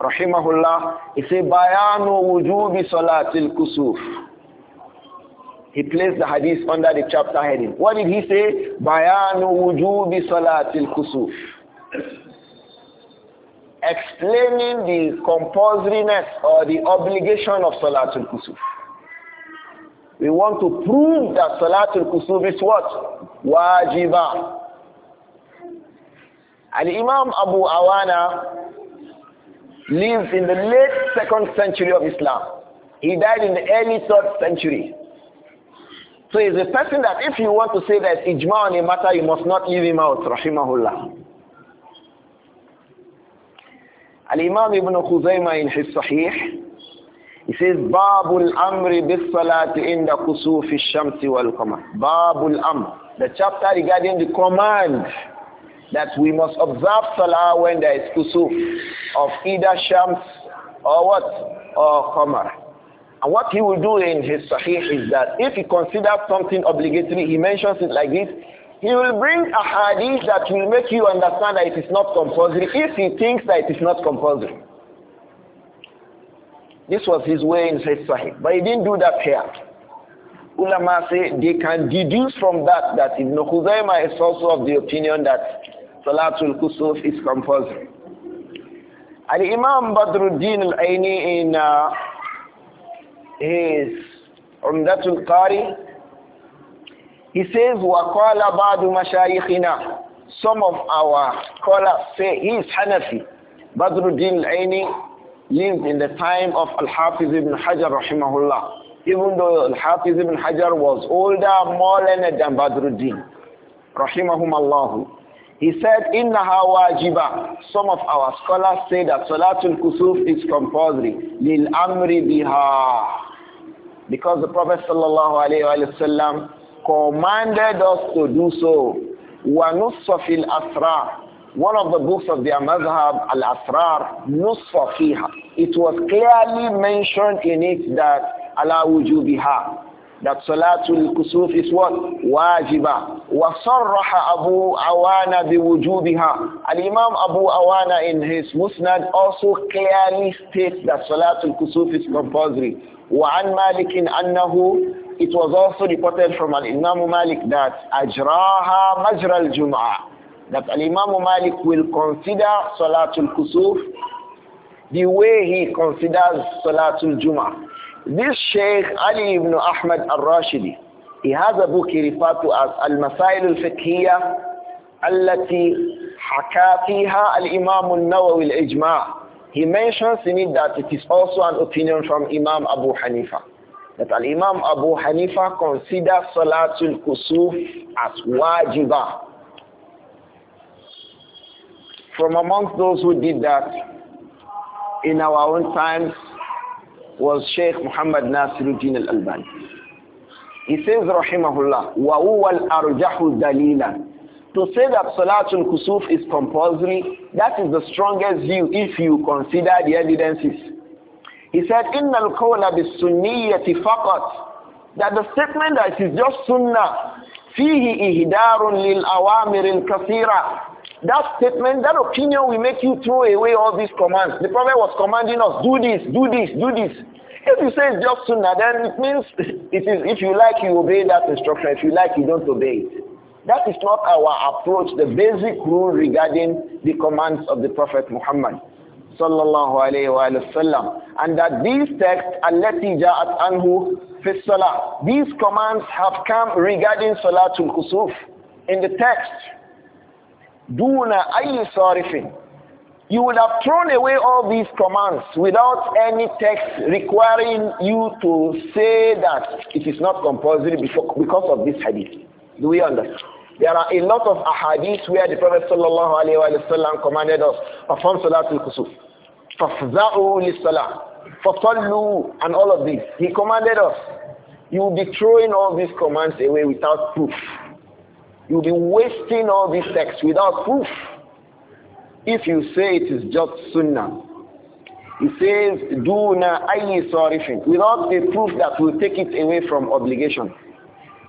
A: rahimahullah, he said, Bayanu wujubi salatil kusuf. He placed the hadith under the chapter heading. What did he say? Bayanu wujubi salatil kusuf. Explaining the compulsoriness or the obligation of salatul kusuf. We want to prove that salatul kusuf is what? Wajiba. And Imam Abu Awana lives in the late second century of Islam. He died in the early third century. So he's a person that if you want to say that ijma on a matter, you must not leave him out, rahimahullah. Al-Imam Ibn Khuzaymah in his Sahih, he says, al Amri bis Salati inda kusufi shamsi wal qamar. al Amr, the chapter regarding the command that we must observe Salah when there is kusuf of either shams or what? Or qamar. And what he will do in his Sahih is that if he considers something obligatory, he mentions it like this. He will bring a hadith that will make you understand that it is not compulsory if he thinks that it is not compulsory. This was his way in his Sahih. But he didn't do that here. Ulama say they can deduce from that that Ibn Khuzaimah is also of the opinion that Salatul Kusuf is compulsory. And Imam Badruddin al-Aini in uh, his Umdatul Qari, he says, وَقَالَ بَعْدُ مَشَايِخِنَا Some of our scholars say he is Hanafi. Badruddin al-Aini lived in the time of Al-Hafiz ibn Hajar rahimahullah. Even though Al-Hafiz ibn Hajar was older, more learned than Badruddin rahimahumallahu. He said, Innaha wajiba. Some of our scholars say that Salatul Kusuf is compulsory. Lil amri biha. Because the Prophet ﷺ commanded us to do so. not فِي الْأَسْرَارِ One of the books of the madhab, Al-Asrar, نُصَّ فِيهَا It was clearly mentioned in it that Allah wujubiha that Salatul Kusuf is what? Wajiba. وَصَرَّحَ Abu Awana بِوُجُوبِهَا Al-Imam Abu Awana in his Musnad also clearly states that Salatul Kusuf is compulsory. وَعَنْ مَالِكٍ أَنَّهُ It was also reported from Al-Imam Malik that أَجْرَاهَا al juma. That Al-Imam Malik will consider Salatul Kusuf the way he considers Salatul Jum'ah. This Sheikh Ali ibn Ahmad al-Rashidi, he has a book he referred to as Al-Masail al-Fiqhiyya التي Imam فيها الإمام al الإجماع. He mentions in it that it is also an opinion from Imam Abu Hanifa. That Al-Imam Abu Hanifa considers Salatul Kusuf as wajibah. From amongst those who did that, in our own times, was Sheikh Muhammad Nasiruddin al-Albani. He says, Rahimahullah, وَأُوَ الْأَرْجَحُ دَلِيلًا To say that Salatul Kusuf is compulsory, that is the strongest view if you consider the evidences. He said, إِنَّ الْقَوْلَ بِالسُّنِّيَّةِ فَقَطْ That the statement that it is just sunnah, فِيهِ lil awamirin الْكَثِيرَةِ that statement, that opinion will make you throw away all these commands. The Prophet was commanding us, do this, do this, do this. If you say it's just sunnah, then it means it is if you like you obey that instruction, if you like you don't obey it. That is not our approach, the basic rule regarding the commands of the Prophet Muhammad sallallahu alayhi wa sallam. And that these texts, التي جاءت anhu fi الصلاة, these commands have come regarding Salatul kusuf in the text. Duna ayi sarifin. You would have thrown away all these commands without any text requiring you to say that it is not compulsory because of this hadith. Do we understand? There are a lot of ahadith where the Prophet sallallahu alaihi wasallam commanded us, perform salatul kusuf, fafza'u lissalah, fatallu, and all of this. He commanded us. You will be throwing all these commands away without proof. You'll be wasting all these texts without proof. If you say it is just sunnah, it says, do na ayi sarifin, without a proof that will take it away from obligation.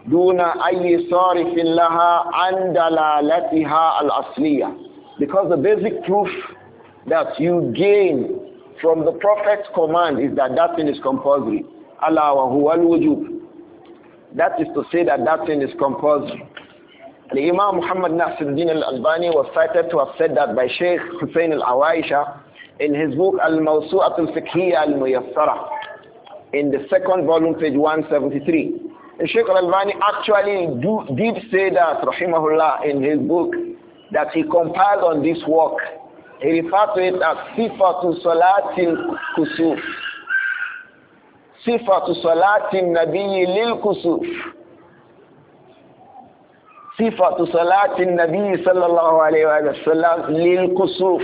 A: Do ayi sarifin laha an al-asliya. Because the basic proof that you gain from the Prophet's command is that that thing is compulsory. Allah wa huwa al-wujub. That is to say that that thing is compulsory. The Imam Muhammad Nasiruddin al-Albani was cited to have said that by Sheikh Hussein al-Awaisha in his book Al-Mawsu'at al-Fiqhiyya al-Muyassara in the second volume page 173. And Sheikh al-Albani actually do, did say that rahimahullah in his book that he compiled on this work. He referred to it as Sifatu Salatin Kusuf. Sifatu Salatin Nabiyyi lil Kusuf صفة صلاة النبي صلى الله عليه lil Kusuf,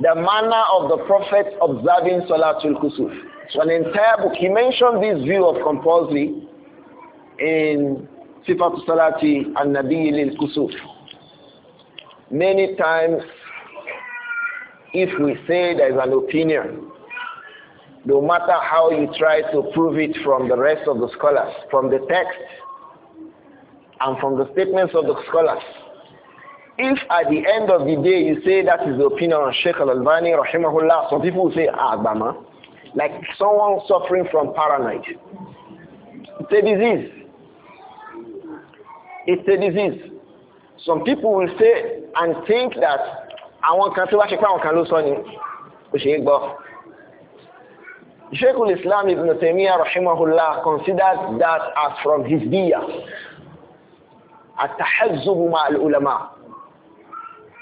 A: the manner of the prophet observing Salatul Kusuf. So an entire book, he mentioned this view of compulsory in Sifatul Salati and Nabi Lil Kusuf. Many times, if we say there is an opinion, no matter how you try to prove it from the rest of the scholars, from the text, and from the statements of the scholars. If at the end of the day you say that is the opinion of Sheikh Al-Albani, rahimahullah, some people will say, ah, Bama, like someone suffering from paranoid. It's a disease. It's a disease. Some people will say and think that I want to wá ṣe pé àwọn kan gbọ́. Sheikh al-Islam Ibn Taymiyyah rahimahullah considered that as from his biyah. Atahazubu ma al-ulama.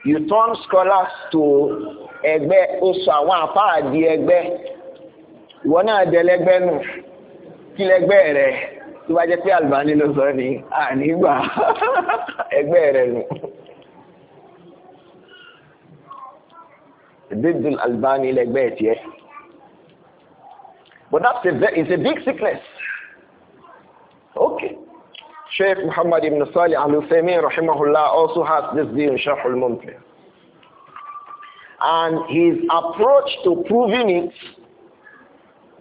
A: You turn scholars to ẹgbẹ́ ó sọ àwọn àfáà di ẹgbẹ́. Ìwọ náà dẹlẹ́gbẹ́ nù. Kí lẹ́gbẹ́ rẹ̀? Tí wàá jẹ́ pé Albani ló sọ ni, àní gbà ẹgbẹ́ nù. Dídùn Albani lẹ́gbẹ́ tiẹ̀. But that's a, it's a big sickness. Sheikh Muhammad ibn Salih al-Uthaymeen rahimahullah also has this view in Sharh al And his approach to proving it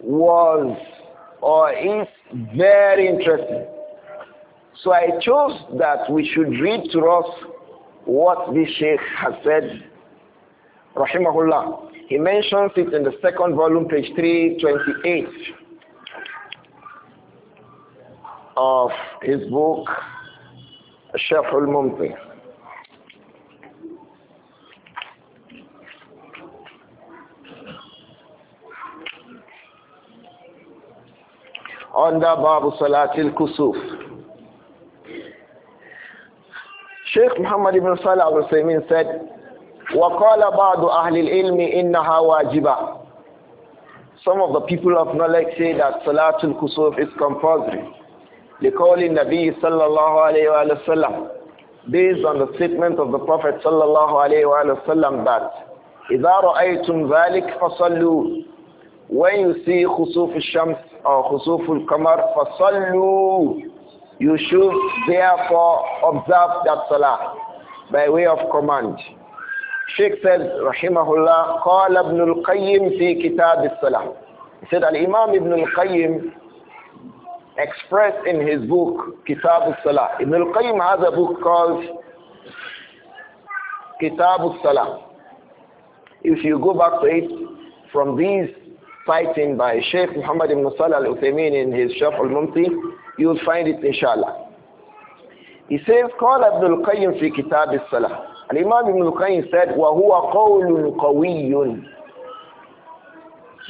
A: was or is very interesting. So I chose that we should read to us what this Sheikh has said. Rahimahullah. He mentions it in the second volume, page 328 of his book Shaf al-Mumti. Under Babu Salatil Kusuf. Sheikh Muhammad ibn Salih al-Usaymin said, وَقَالَ بَعْضُ أَهْلِ الْعِلْمِ إِنَّهَا وَاجِبَةٌ Some of the people of knowledge say that Salatul Kusuf is compulsory. لقول النبي صلى الله عليه وآله وسلم based on the statement of the Prophet صلى الله عليه وآله وسلم that إذا رأيتم ذلك فصلوا when you see خسوف الشمس or خسوف القمر فصلوا you should therefore observe that salah by way of command Sheikh said رحمه الله قال ابن القيم في كتاب الصلاة he said الإمام ابن القيم expressed in his book, Kitab al-Salah. Ibn al-Qayyim has a book called Kitab al-Salah. If you go back to it, from these fighting by Sheikh Muhammad ibn Salah al-Uthaymeen in his Shaf al-Mumti, you will find it inshallah. He says, "Call ابن القيم في كتاب الصلاة. الإمام ابن القيم said, وهو قول قوي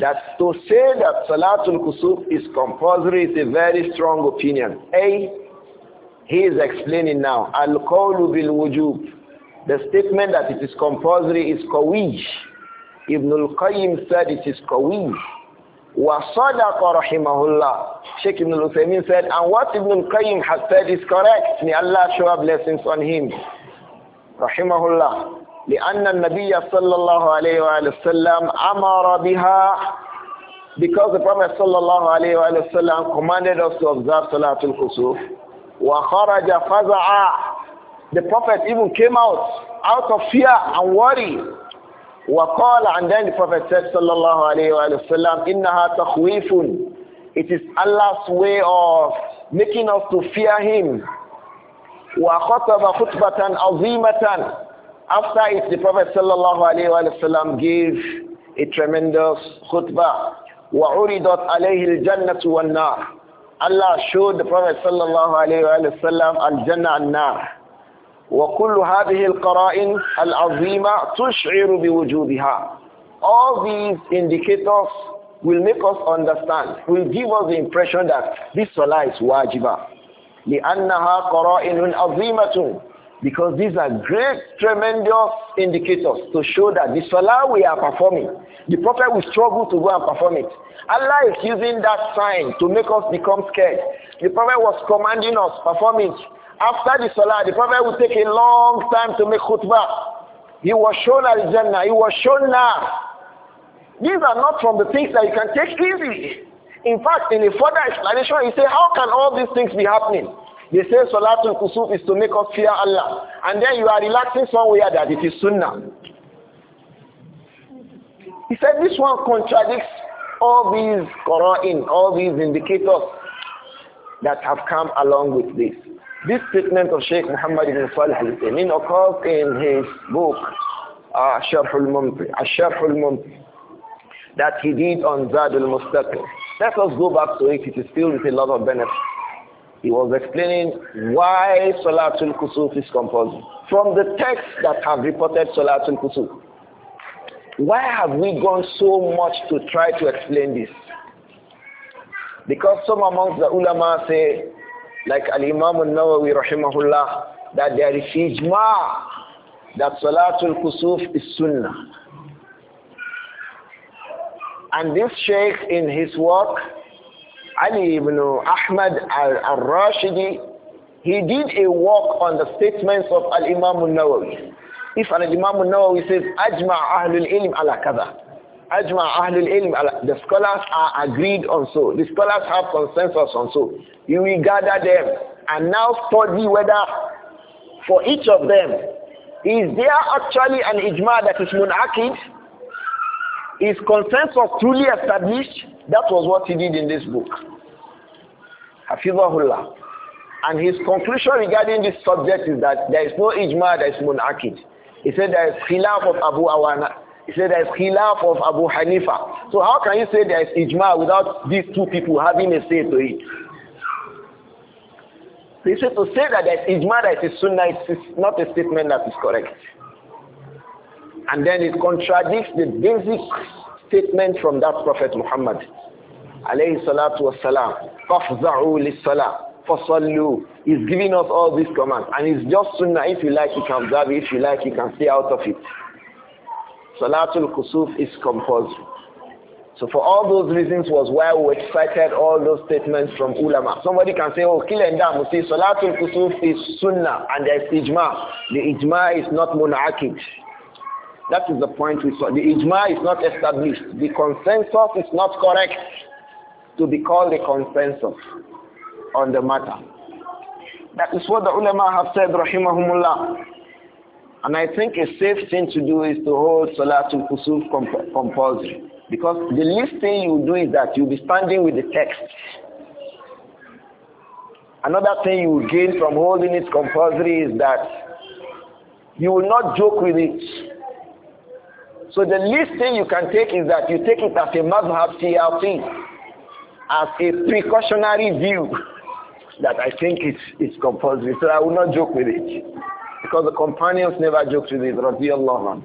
A: that to say that Salatul Kusuf is compulsory is a very strong opinion. A, he is explaining now, Al-Qawlu bil-Wujub. The statement that it is compulsory is Qawij. Ibn al-Qayyim said it is Qawij. وَصَدَقَ رَحِمَهُ اللَّهِ Sheikh Ibn al-Uthaymin said, and what Ibn al-Qayyim has said is correct. May Allah shower blessings on him. Rahimahullah. لأن النبي صلى الله عليه وآله وسلم أمر بها because the Prophet صلى الله عليه وآله وسلم commanded us to observe صلاة الكسوف وخرج فزعا the Prophet even came out out of fear and worry وقال and then the Prophet said صلى الله عليه وآله وسلم إنها تخويف it is Allah's way of making us to fear him وخطب خطبة عظيمة After it, the Prophet ﷺ gave a tremendous khutbah. وَعُرِضَتْ عَلَيْهِ الْجَنَّةُ وَالنَّارِ Allah showed the Prophet ﷺ al-Jannah al-Nar. وكل هذه القرائن العظيمة تشعر بوجودها. All these indicators will make us understand, will give us the impression that this salah is wajiba. لأنها قرائن عظيمة because these are great, tremendous indicators to show that the salah we are performing, the Prophet will struggle to go and perform it. Allah is using that sign to make us become scared. The Prophet was commanding us, perform it. After the salah, the Prophet will take a long time to make khutbah. He was shown al-Jannah, he was shown now. These are not from the things that you can take easily. In fact, in a further explanation, he said, how can all these things be happening? They say Salatul Kusuf is to make us fear Allah. And then you are relaxing somewhere that it is Sunnah. He said this one contradicts all these Quran, all these indicators that have come along with this. This statement of Sheikh Muhammad ibn Salih al-Uthaymeen occurs in his book, uh, Sharh al-Mumti, uh, that he did on Zad al-Mustaqim. Let us go back to it. It is filled with a lot of benefits he was explaining why Salatul Kusuf is compulsory. From the texts that have reported Salatul Kusuf, why have we gone so much to try to explain this? Because some amongst the ulama say, like Al-Imam al-Nawawi rahimahullah, that there is ijma that Salatul Kusuf is sunnah. And this sheikh in his work Ali ibn Ahmad al-Rashidi, he did a work on the statements of al-Imam al-Nawawi. If Imam al-Nawawi says, Ajma ahlul ilm ala kada, Ajma ahlul ilm ala, the scholars are agreed on so, the scholars have consensus on so. You will gather them and now study whether for each of them, is there actually an ijma that is munakid? Is consensus truly established? That was what he did in this book. Hafizahullah. And his conclusion regarding this subject is that there is no ijma, there is munakid. He said there is khilaf of Abu Awana. He said there is khilaf of Abu Hanifa. So how can you say there is ijma without these two people having a say to it? They say to say that there is ijma, that is sunnah, is not a statement that is correct. And then it contradicts the basic statement from that Prophet Muhammad alayhi salatu wasalam, فَفْزَعُوا لِلصَّلَاةِ فَصَلُّوا He's giving us all these commands. And it's just sunnah. If you like, you can observe If you like, you can stay out of it. Salatul Kusuf is compulsory. So for all those reasons was why we cited all those statements from ulama. Somebody can say, oh, kill and damn, see, Salatul Kusuf is sunnah and there's ijma. The ijma is not munakid. That is the point we saw. The ijma is not established. The consensus is not correct to be called a consensus on the matter. That is what the ulama have said, rahimahumullah. And I think a safe thing to do is to hold Salatul Kusuf comp compulsory. Because the least thing you do is that you'll be standing with the text. Another thing you will gain from holding it compulsory is that you will not joke with it. So the least thing you can take is that you take it as a madhab CRT, as a precautionary view that I think it's, it's compulsory. So I will not joke with it. Because the companions never joked with it, radiallahu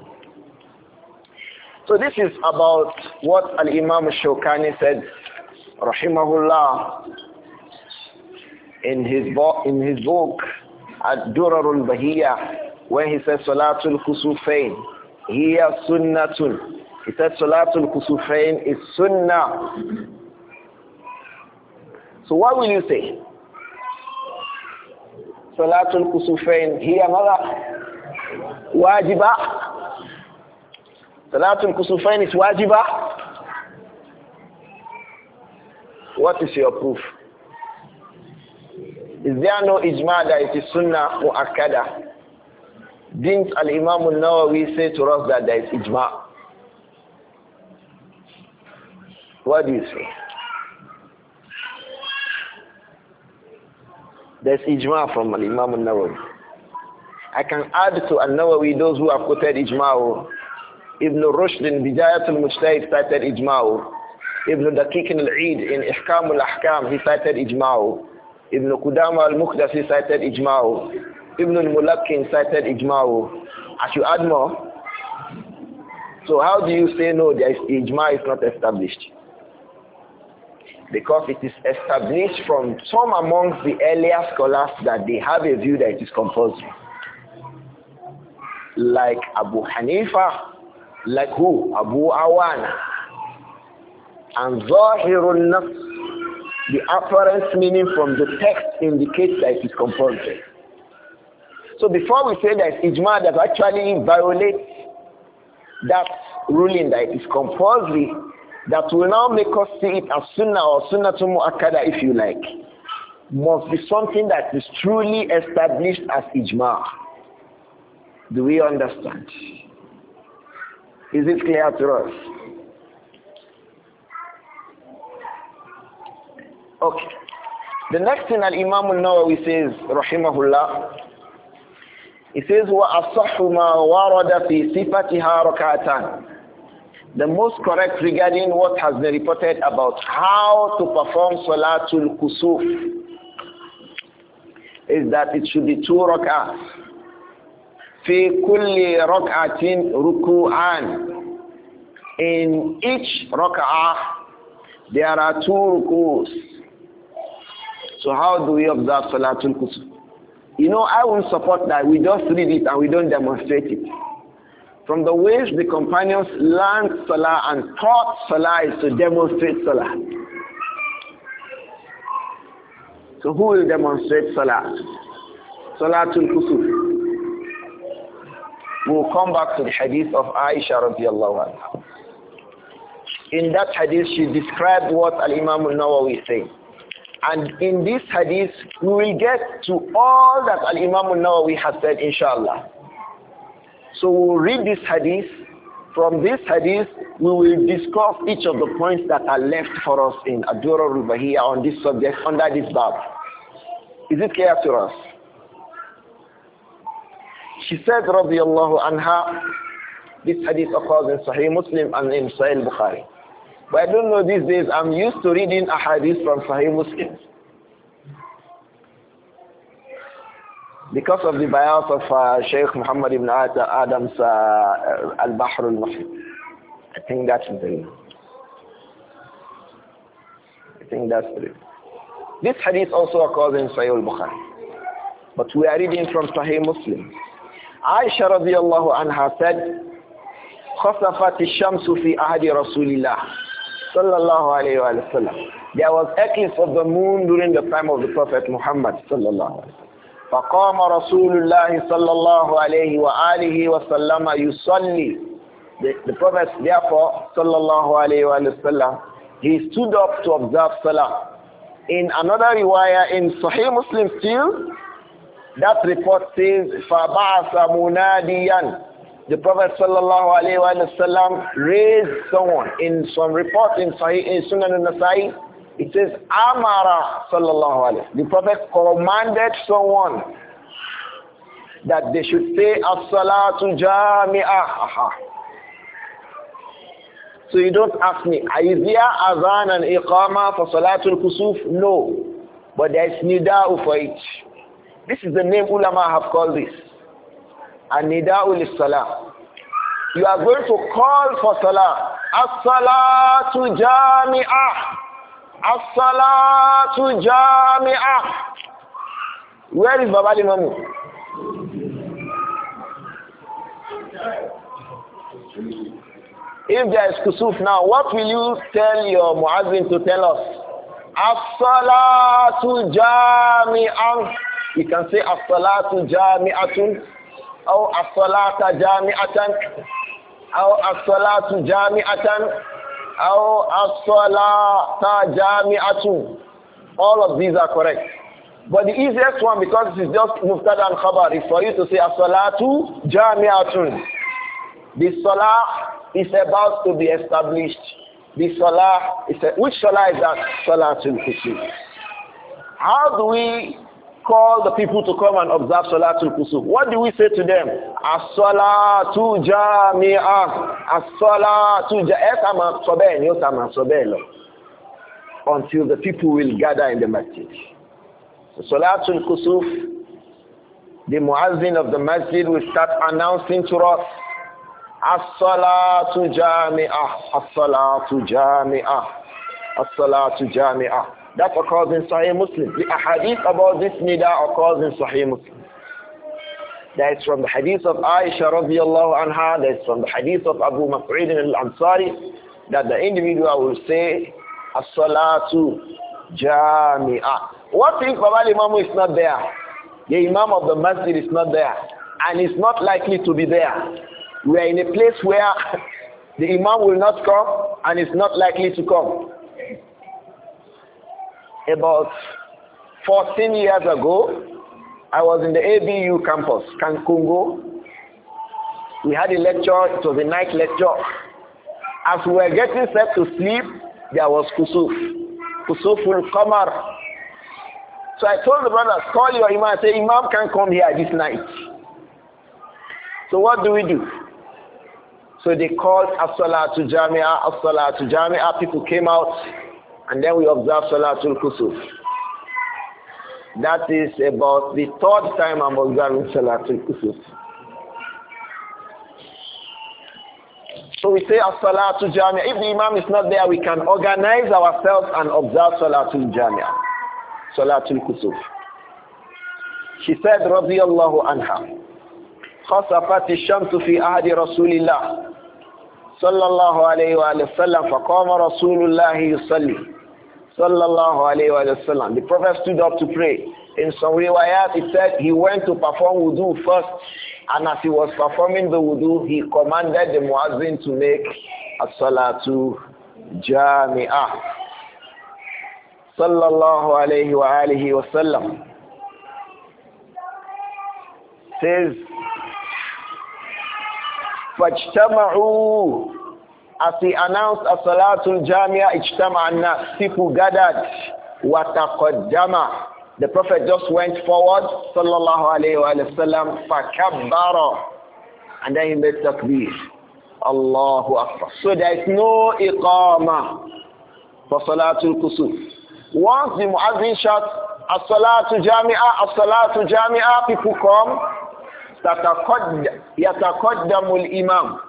A: So this is about what Al-Imam Shawkani said, rahimahullah, in his, in his book, at durar al-Bahiyya, where he says, Salatul Kusufayn, here sunnatun. He said Salatul Kusufain is sunnah. So what will you say? Salatul Kusufain here
B: another
A: wajiba. Salatul Kusufain is wajiba. What is your proof? Is there no ijma that it is sunnah mu'akkada? Didn't Al-Imam al-Nawawi say to us that there is ijma? What do you say? There's ijma from Al-Imam al-Nawawi. I can add to al-Nawawi those who have quoted ijma. Ibn Rushd in Bidayat al-Mujtahid cited ijma. Ibn Daqiq al-Eid in Ihkam al-Ahkam he cited ijma. Ibn Qudama al-Muqdasi cited ijma. Ibn al-Mulakkin cited Ijma'u. I should add more. So how do you say no, there is, Ijma is not established? Because it is established from some amongst the earlier scholars that they have a view that it is compulsory. Like Abu Hanifa, like who? Abu Awana. And Zahirun Nafs, the apparent meaning from the text indicates that it is compulsory. So before we say that ijma that actually violates that ruling that is compulsory, that will now make us see it as sunnah or sunnah to mu'akkada if you like, must be something that is truly established as ijma. Do we understand? Is it clear to us? Okay. The next thing Al Imam al Nawawi says, Rahimahullah, it says, وَأَصَحُّ مَا وَارَدَ فِي صِفَتِهَا رَكَعَتَانِ The most correct regarding what has been reported about how to perform Salatul Kusuf is that it should be two rak'ahs. Fi kulli rakatin ruku'an. In each rak'ah, there are two rukus. So how do we observe Salatul Kusuf? You know, I won't support that. We just read it and we don't demonstrate it. From the ways the companions learned Salah and taught Salah is to demonstrate Salah. So who will demonstrate Salah? Salah Salatul Kusuf. We will come back to the hadith of Aisha radiallahu anha. In that hadith, she described what Al-Imam al-Nawawi said. And in this hadith, we will get to all that Al-Imam al-Nawawi has said, inshallah. So we'll read this hadith. From this hadith, we will discuss each of the points that are left for us in Adura here on this subject under this bab. Is it clear to us? She said, رضي الله عنها, this hadith occurs in Sahih Muslim and in Sahih Bukhari. But I don't know these days, I'm used to reading a hadith from Sahih Muslim. Because of the bias of uh, Sheikh Muhammad ibn Adam's uh, uh Al-Bahr al I think that's the I think that's the This hadith also occurs in Sahih al-Bukhari. But we are reading from Sahih Muslim. Aisha radiallahu anha said, خصفت الشمس في عهد رسول الله sallallahu alayhi wa sallam. There was eclipse of the moon during the time of the Prophet Muhammad sallallahu alayhi wa فقام رسول الله صلى الله عليه وآله وسلم يصلي the, the Prophet therefore sallallahu alayhi wa sallam he stood up to observe Salah in another riwaya in Sahih Muslim still that report says فَبَعَثَ مُنَادِيًا the Prophet sallallahu alaihi wasallam raised someone. In some report in Sahih in Sunan al-Nasai, it says Amara sallallahu alaihi. The Prophet commanded someone that they should say as-salatu jami'ah. So you don't ask me, is there azan and iqama for salatul kusuf? No. But there is nida'u for it. This is the name ulama have called this and nida'u salah. You are going to call for salah. As-salatu jami'ah. As-salatu jami'ah. Where is Baba Limamu? If there is kusuf now, what will you tell your muazzin to tell us? As-salatu jami'ah. You can say as-salatu jami'atun أو الصلاة جامعة أو الصلاة جامعة أو الصلاة جامعة All of these are correct. But the easiest one, because this is just Muftad and Khabar, is for you to say As-salatu jami'atun. The salah is about to be established. The salah is, a, which salah is that? Salatul Kusuf. How do we call the people to come and observe Salatul Kusuf, what do we say to them? As-salatu jami'ah. As-salatu jami'ah. Until the people will gather in the masjid. So Salatul Kusuf, the muazzin of the masjid will start announcing to us, As-salatu jami'ah. As-salatu jami'ah. As-salatu jami'ah. That occurs in Sahih Muslim. The hadith about this nida occurs in Sahih Muslim. That is from the hadith of Aisha radiallahu anha, that is from the hadith of Abu Mas'ud al-Ansari, that the individual will say, As-salatu jami'ah. What if Baba Imam is not there? The Imam of the masjid is not there. And is not likely to be there. We are in a place where the Imam will not come and is not likely to come about 14 years ago, I was in the ABU campus, Kankungo. We had a lecture, it was a night lecture. As we were getting set to sleep, there was Kusuf. come Kamar. So I told the brothers, call your Imam and say, Imam can't come here this night. So what do we do? So they called As-Salatu Jamia, As-Salatu Jamia. People came out and then we observe Salatul Kusuf. That is about the third time I'm observing Salatul Kusuf. So we say As-Salatul Jamia. If the Imam is not there, we can organize ourselves and observe Salatul Jamia. Salatul Kusuf. She said, رضي الله عنها خصفت الشمس في عهد رسول الله صلى الله عليه وآله وسلم فقام رسول الله يصلي sallallahu alayhi wa The Prophet stood up to pray. In some riwayat, it said he went to perform wudu first, and as he was performing the wudu, he commanded the muazzin to make as-salatu jami'ah. Sallallahu alayhi wa alihi wa sallam. Says, فَاجْتَمَعُوا as he announced as Salatul Jamia Ijtama'anna, people gathered, Wataqaddama. The Prophet just went forward, Sallallahu Alaihi Wasallam, Fakabbara. And then he made takbir. Allahu Akbar. So there is no iqama for Salatul Kusuf. Once the Muazzin shouts, as salatul jami'a, as salatul jami'a, people come, yataqad al-imam.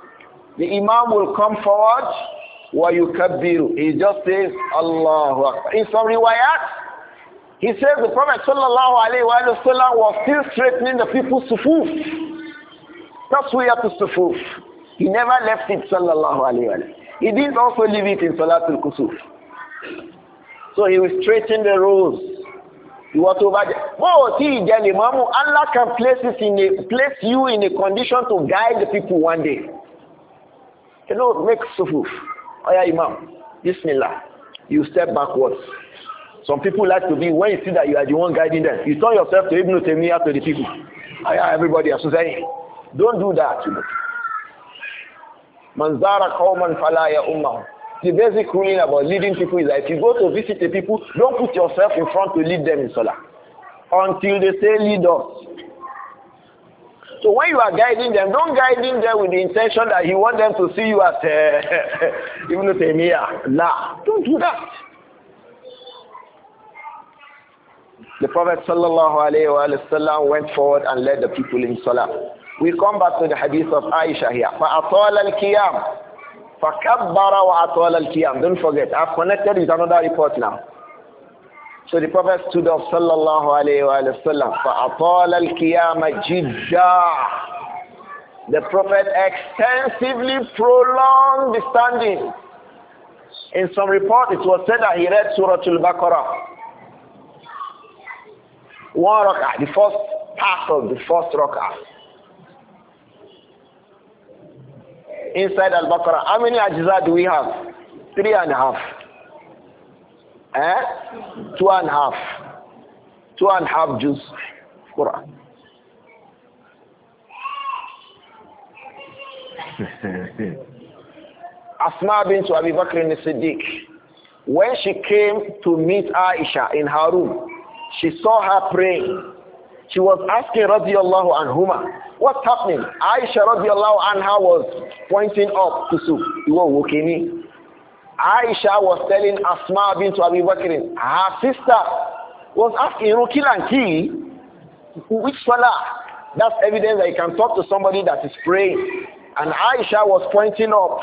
A: The Imam will come forward, وَيُكَبِّرُ He just says, Allahu Akbar. In some riwayat, he says the Prophet sallallahu alayhi wa sallam was still straightening the people's sufuf. to sufuf. He never left it sallallahu alayhi wa He didn't also leave it in Salatul Kusuf. So he will straighten the roads. What want to Oh, see, Allah can place, in a, place you in a condition to guide the people one day. You know, make sufuf. Oh yeah, Imam. Bismillah. You step backwards. Some people like to be, when you see that you are the one guiding them, you turn yourself to Ibn Taymiyyah to the people. Oh yeah, everybody has to say, don't do that. Manzara Kauman Falaya Ummah. The basic ruling about leading people is that if you go to visit the people, don't put yourself in front to lead them in Salah. Until they say lead us. So when you are guiding them, don't guide them there with the intention that you want them to see you as uh, even Ibn Taymiyyah. Nah, don't do that. The Prophet sallallahu went forward and led the people in salah. We come back to the hadith of Aisha here. فَأَطَالَ الْكِيَامِ فَكَبَّرَ وَأَطَالَ الْكِيَامِ Don't forget, I've connected with another report now. So the Prophet stood up sallallahu alayhi wa sallam فَأَطَالَ الْقِيَامَ جِدَّا The Prophet extensively prolonged the standing. In some report it was said that he read Surah Al-Baqarah. One rak'ah, the first part of the first rak'ah. Inside Al-Baqarah, how many ajza do we have? Three and a half. Eh? Two and a half. Two and a half juice Quran. Asma bint Abi Bakr the siddiq when she came to meet Aisha in her room, she saw her praying. She was asking radiallahu anhuma, what's happening? Aisha radiallahu anha was pointing up to soup? You were walking in." Aisha was telling Asma bint Abi Bakr, her sister was asking, you know, kill and which salah? That's evidence that you can talk to somebody that is praying. And Aisha was pointing up,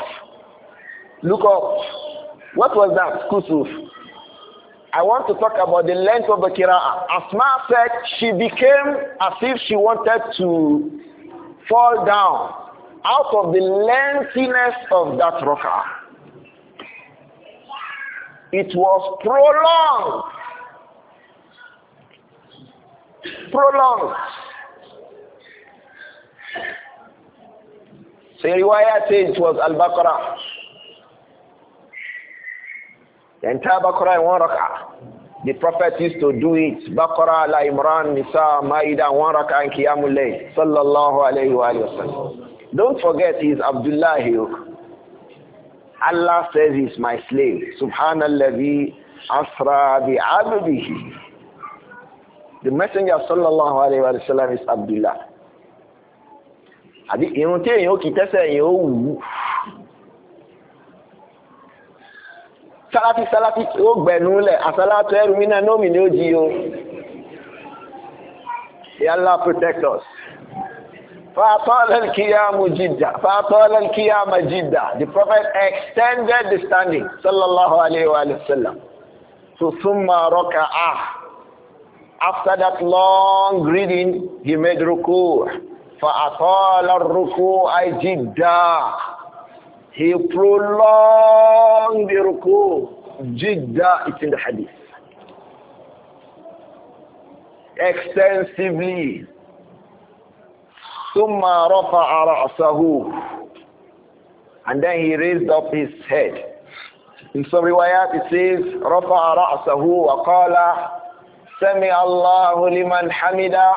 A: look up. What was that? Kusuf. I want to talk about the length of the kira'ah. Asma said she became as if she wanted to fall down out of the lengthiness of that rak'ah. It was prolonged. Prolonged. So Riwayah says it was Al-Baqarah. The entire Baqarah in one rak'ah. The Prophet used to do it. Baqarah, La Imran, Nisa, Ma'idah, one rak'ah and Qiyamul Layl. Sallallahu alayhi wa sallam. Don't forget he's Abdullah Hiyuk. Allah says he's my slave. Subhanallah asra bi abdihi. The messenger sallallahu alayhi wa sallam is Abdullah. Àbí irun tí èèyàn ó kì tẹ́sẹ̀ èèyàn ó wù ú. Sáláfí ó gbẹ̀nú lẹ̀, àsálátọ̀ ẹrù mí náà May Allah protect us. فأطال الكيام جدا فأطال الكيام جدا the prophet extended the standing صلى الله عليه وسلم so ثم ركع after that long reading he made ركوع فأطال الركوع جدا he prolonged the ركوع جدا it's in the hadith extensively ثم رفع رأسه and then he raised up his head in some riwayat it says رفع رأسه وقال سمع الله لمن hamida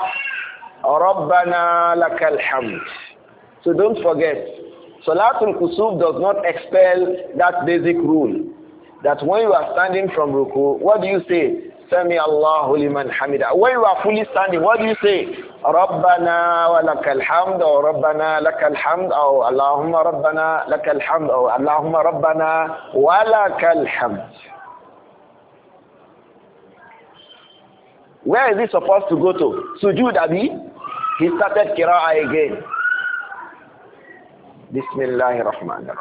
A: rabbana لك hamd so don't forget Salatul Kusuf does not expel that basic rule that when you are standing from ruku what do you say Sami الله لمن حمده When you are fully standing, what do you say? ربنا ولك الحمد أو ربنا لك الحمد أو اللهم ربنا لك الحمد أو اللهم ربنا ولك الحمد Where is he supposed to go to? Sujud Abi? He started Qira'ah again. Bismillahir Rahmanir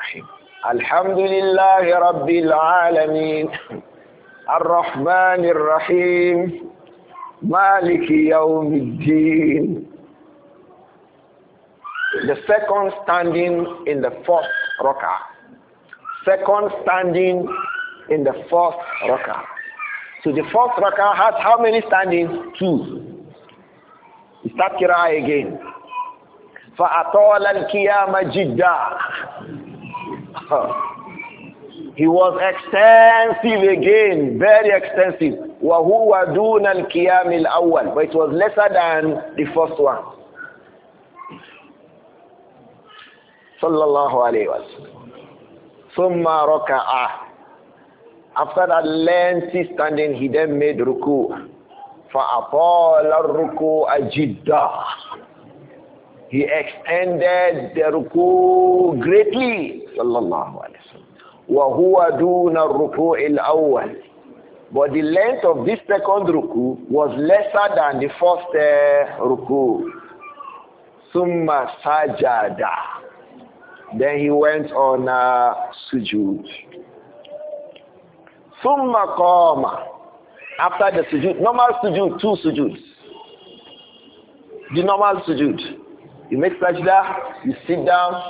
A: الحمد لله Rabbil Alameen. الرحمن الرحيم مالك يوم الدين The second standing in the fourth rock'a. Second standing in the fourth rock'a. So the fourth rock'a has how many standings? Two. You start kira'ah again. فَأَطَوَلَ الْكِيَامَ جِدًّا he was extensive again, very extensive. وَهُوَ دُونَ الْقِيَامِ الْأَوَّلِ But it was lesser than the first one. صلى الله عليه وسلم ثم ركع After that lengthy standing, he then made ruku. فَأَطَالَ الرُّكُوءَ جِدًّا He extended the ruku greatly. صلى الله عليه وَهُوَ ruku الرُّكُوعِ awwal, But the length of this second ruku was lesser than the first uh, ruku. Summa sajada. Then he went on uh, sujood. ثُمَّ After the sujood, normal sujood, two sujoods. The normal sujood. You make sajda, you sit down,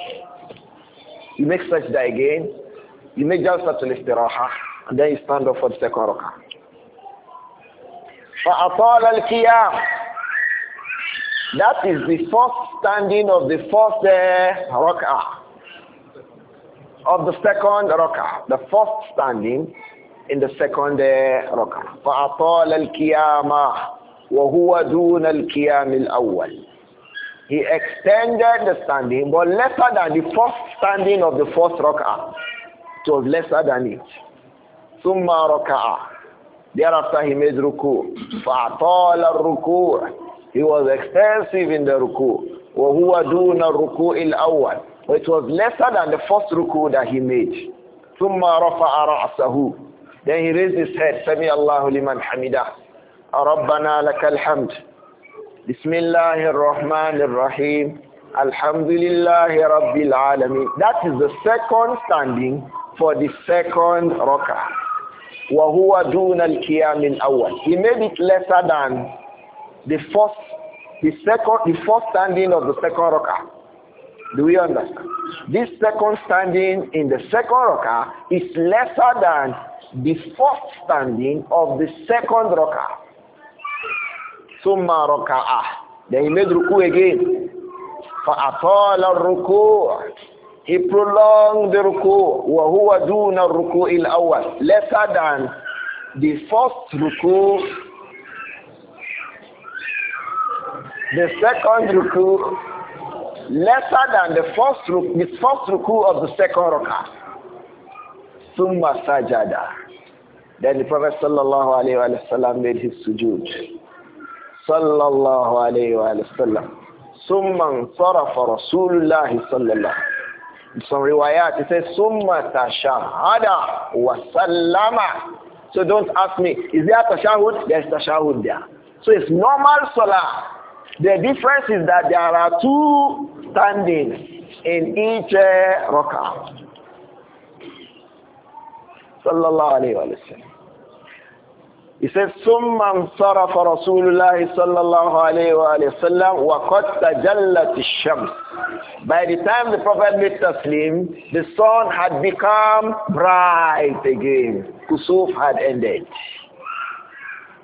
A: you make sajda again, you make of istiraha and then you stand up for the second rakah. فَأَطَالَ الْكِيَامَ That is the first standing of the first uh, rak'ah. Of the second rak'ah. The first standing in the second uh, rak'ah. فَأَطَالَ الْكِيَامَ وَهُوَ دُونَ الْكِيَامِ الْأَوَّلِ He extended the standing, but lesser than the first standing of the first rak'ah. It was lesser than it. ثم ركع Thereafter he made ruku. فأطال الركوع He was extensive in the ruku. وهو ruku il awwal. It was lesser than the first ruku that he made. ثم رفع رأسه Then he raised his head. سمي الله لمن حمده ربنا لك الحمد بسم الله الرحمن الرحيم الحمد لله رب العالمين That is the second standing for the second rakah. وَهُوَ دُونَ الْقِيَامِ الْأَوَّلِ He made it lesser than the first, the second, the first standing of the second rakah. Do we understand? This second standing in the second rakah is lesser than the first standing of the second rakah. Summa raka'ah. Then he made ruku again. فَأَطَالَ الرُّكُوعَ He prolonged the ruku' wa وَهُوَ دُونَ الرُّكُوءِ الْأَوَّلِ Lesser than the first ruku' the second ruku lesser than the first ruku, the first ruku of the second ruku' Summa sajada. Then the Prophet sallallahu alayhi wa sallam made his sujood. Sallallahu alayhi wa sallam. Summa sarafa Rasulullah sallallahu wa sallam some riwayat, it says, Summa tashahada wa sallama. So don't ask me, is there tashahud? There's tashahud there. So it's normal salah. The difference is that there are two standings in each uh, rak'ah. Sallallahu alaihi wasallam. He says, ثُمَّ انْصَرَفَ رَسُولُ اللَّهِ صَلَّى اللَّهُ عَلَيْهِ وَآلِهِ وَسَلَّمَ وَقَدْ تَجَلَّتِ الشَّمْسِ By the time the Prophet made taslim, the sun had become bright again. Kusuf had ended.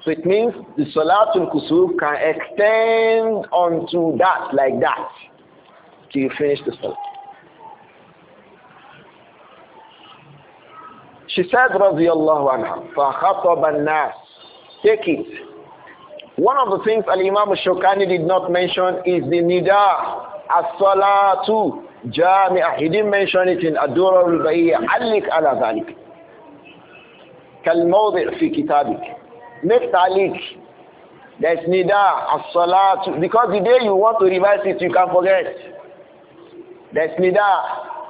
A: So it means the Salatul Kusuf can extend onto that like that till you finish the Salah. She said, رضي الله عنها, فخطب الناس Take it. One of the things Al-Imam Shokani did not mention is the nida as-salatu jami'ah. He didn't mention it in Adura al-Baiyya. Allik ala dhalik. Kalmawdi' fi kitabik. Make talik. There's nida as-salatu. Because the day you want to revise it, you can forget. There's nida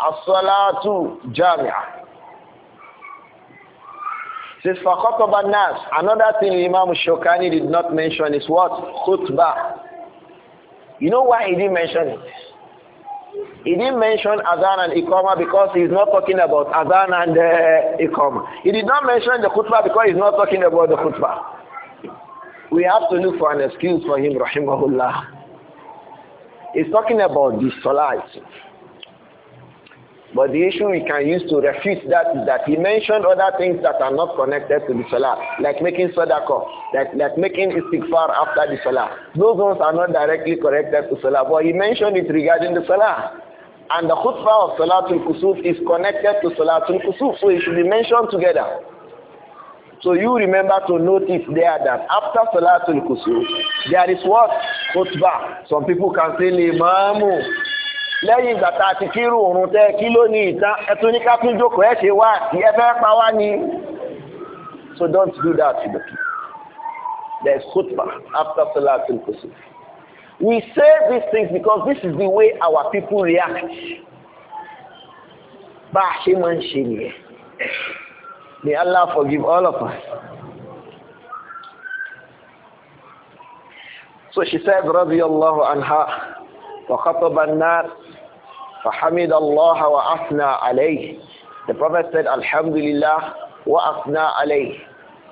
A: as-salatu jami'ah. Says فَخَطَبَ Nas. Another thing Imam Shokani did not mention is what? Khutbah. You know why he didn't mention it? He didn't mention azan and Iqamah because he's not talking about azan and uh, He did not mention the khutbah because he's not talking about the khutbah. We have to look for an excuse for him, rahimahullah. He's talking about the salah but the issue we can use to refute that is that he mentioned other things that are not connected to the salah, like making sadaqah, like, like making istighfar after the salah. Those ones are not directly connected to salah, but he mentioned it regarding the salah. And the khutbah of Salatul Kusuf is connected to Salatul Kusuf, so it should be mentioned together. So you remember to notice there that after Salatul Kusuf, there is what? Khutbah. Some people can say, Imamu, lẹ́yìn ìgbà tá a ti kírù òrùn tẹ́ kí ló ní ìtàn ẹtún ní kápín jókòó ẹ ṣe wá tí ẹ fẹ́ pa wá ní so don't do that to the people there is khutbah after salat al kusuf we say these things because this is the way our people react bá a ṣe máa ń ṣe nìyẹn may Allah forgive all of us. So she said, رضي الله عنها وخطب الناس فحمد الله وأثنى عليه the Prophet said Alhamdulillah wa asna alayh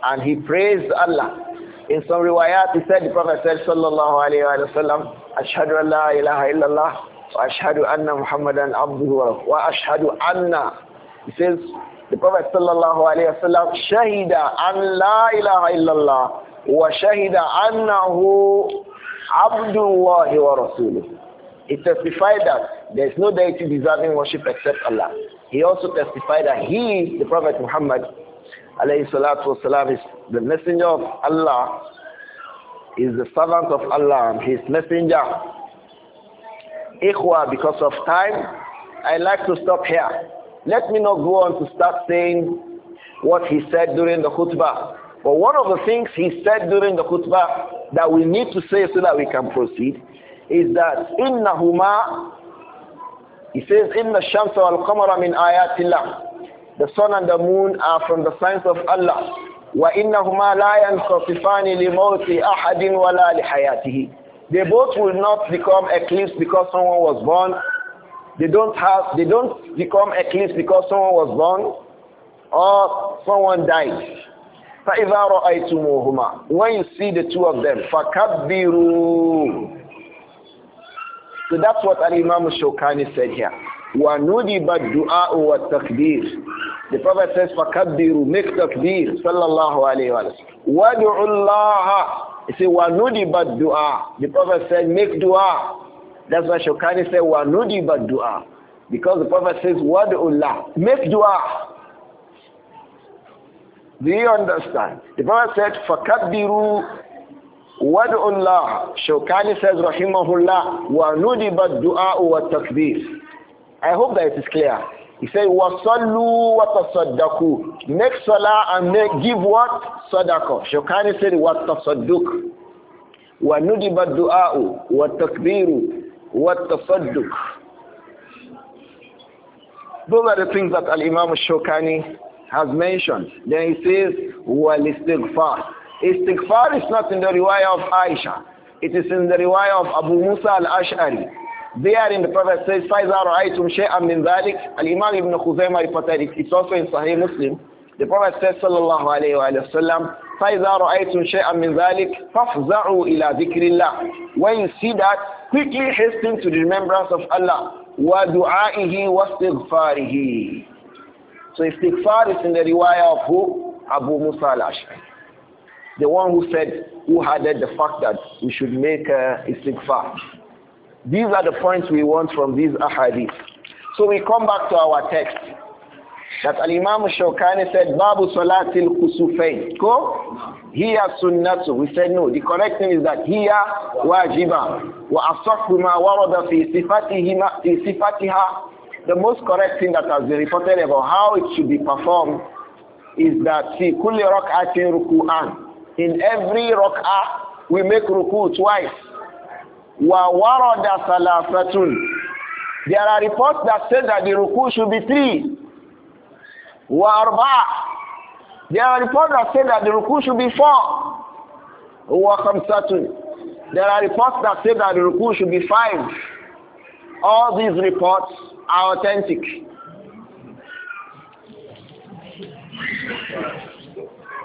A: and he praised Allah in some riwayat he said the Prophet said sallallahu alayhi wa sallam ashhadu an la ilaha illallah wa ashhadu anna muhammadan abduhu wa ashhadu anna he says the Prophet sallallahu alayhi wa sallam shahida an la ilaha illallah wa shahida annahu abduhu wa rasuluh he testified that there is no deity deserving worship except Allah. He also testified that he, the Prophet Muhammad, alayhi is the messenger of Allah, is the servant of Allah, his messenger. Ikhwa, because of time, I like to stop here. Let me not go on to start saying what he said during the khutbah. But one of the things he said during the khutbah that we need to say so that we can proceed is that innahuma he says inna shamsa wal qamara min ayatillah the sun and the moon are from the signs of Allah wa innahuma la yanqatifani li mawti ahadin wala li hayatihi they both will not become eclipsed because someone was born they don't have they don't become eclipsed because someone was born or someone died فإذا رأيتموهما when you see the two of them فكبروا so that's what Al-Imam Shokani said here. وَنُدِبَ الدُّعَاءُ وَالتَّكْبِيرُ The Prophet says, فَكَبِّرُ Make takbir. Sallallahu alayhi wa sallam. وَدُعُ اللَّهَ He said, وَنُدِبَ الدُّعَاءُ The Prophet said, make dua. That's why Shokani said, وَنُدِبَ الدُّعَاءُ Because the Prophet says, وَدُعُ اللَّهَ Make dua. Do you understand? The Prophet said, فَكَبِّرُ وَدْعُ اللَّهِ Shawkani says, Rahimahullah, وَنُدِبَ الدُّعَاءُ وَالتَّكْبِيرُ I hope that it is clear. He said, وَصَلُّوا وَتَصَدَّقُوا Make salah and make, give what? wa Shawkani said, وَالتَّصَدُّقُ وَنُدِبَ الدُّعَاءُ وَالتَّكْبِيرُ وَالتَّصَدُّقُ Those are the things that Al-Imam Shokani has mentioned. Then he says, وَالْإِسْتِغْفَارُ Istighfar is not in the riwayah of Aisha. It is in the riwayah of Abu Musa al-Ash'ari. There in the Prophet says, فاذا aytum رَأَيْتُمْ شَيْئًا مِنْ ذَلِكَ Al-Imam ibn Khuzaymah reported it. It's also in Sahih Muslim. The Prophet says, sallallahu alayhi wa sallam, فَإِذَا aytum شَيْئًا مِنْ ذَلِكَ فَافْزَعُوا إِلَى ذِكْرِ اللَّهِ When you see that, quickly hasten to the remembrance of Allah. وَدُعَائِهِ وَاسْتِغْفَارِهِ So istighfar is in the riwayah of who? Abu Musa al-Ash'ari. The one who said, who added the fact that we should make uh, istighfar. These are the points we want from these ahadith. So we come back to our text. That Al-Imam Shawkani said, Babu Salatil Kusufain. Go? Here sunnatu. We said no. The correct thing is that here wajiba. Wa asakhu ma warada fi fi sifatiha. The most correct thing that has been reported about how it should be performed is that fi kulli rak'atin ruku'an in every rak'ah, we make ruku twice. Wa warada salafatun. There are reports that say that the ruku should be three. Wa arba. There are reports that say that the ruku should be four. Wa khamsatun. There are reports that say that the ruku should be five. All these reports are authentic.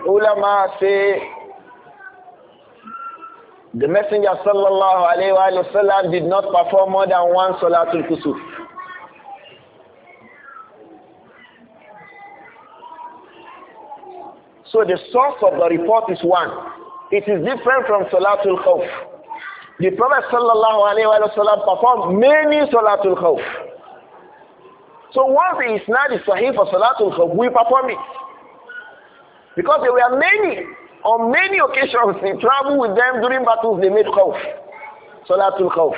A: Ulama say the Messenger sallallahu alayhi wa sallam did not perform more than one Salatul Kusuf. So the source of the report is one. It is different from Salatul Khawf. The Prophet sallallahu alayhi wa sallam performed many Salatul Khawf. So once it is not the Sahih for Salatul Khawf, we perform it. Because there were many on many occasions, he traveled with them during battles, they made khawf. Salatul khawf.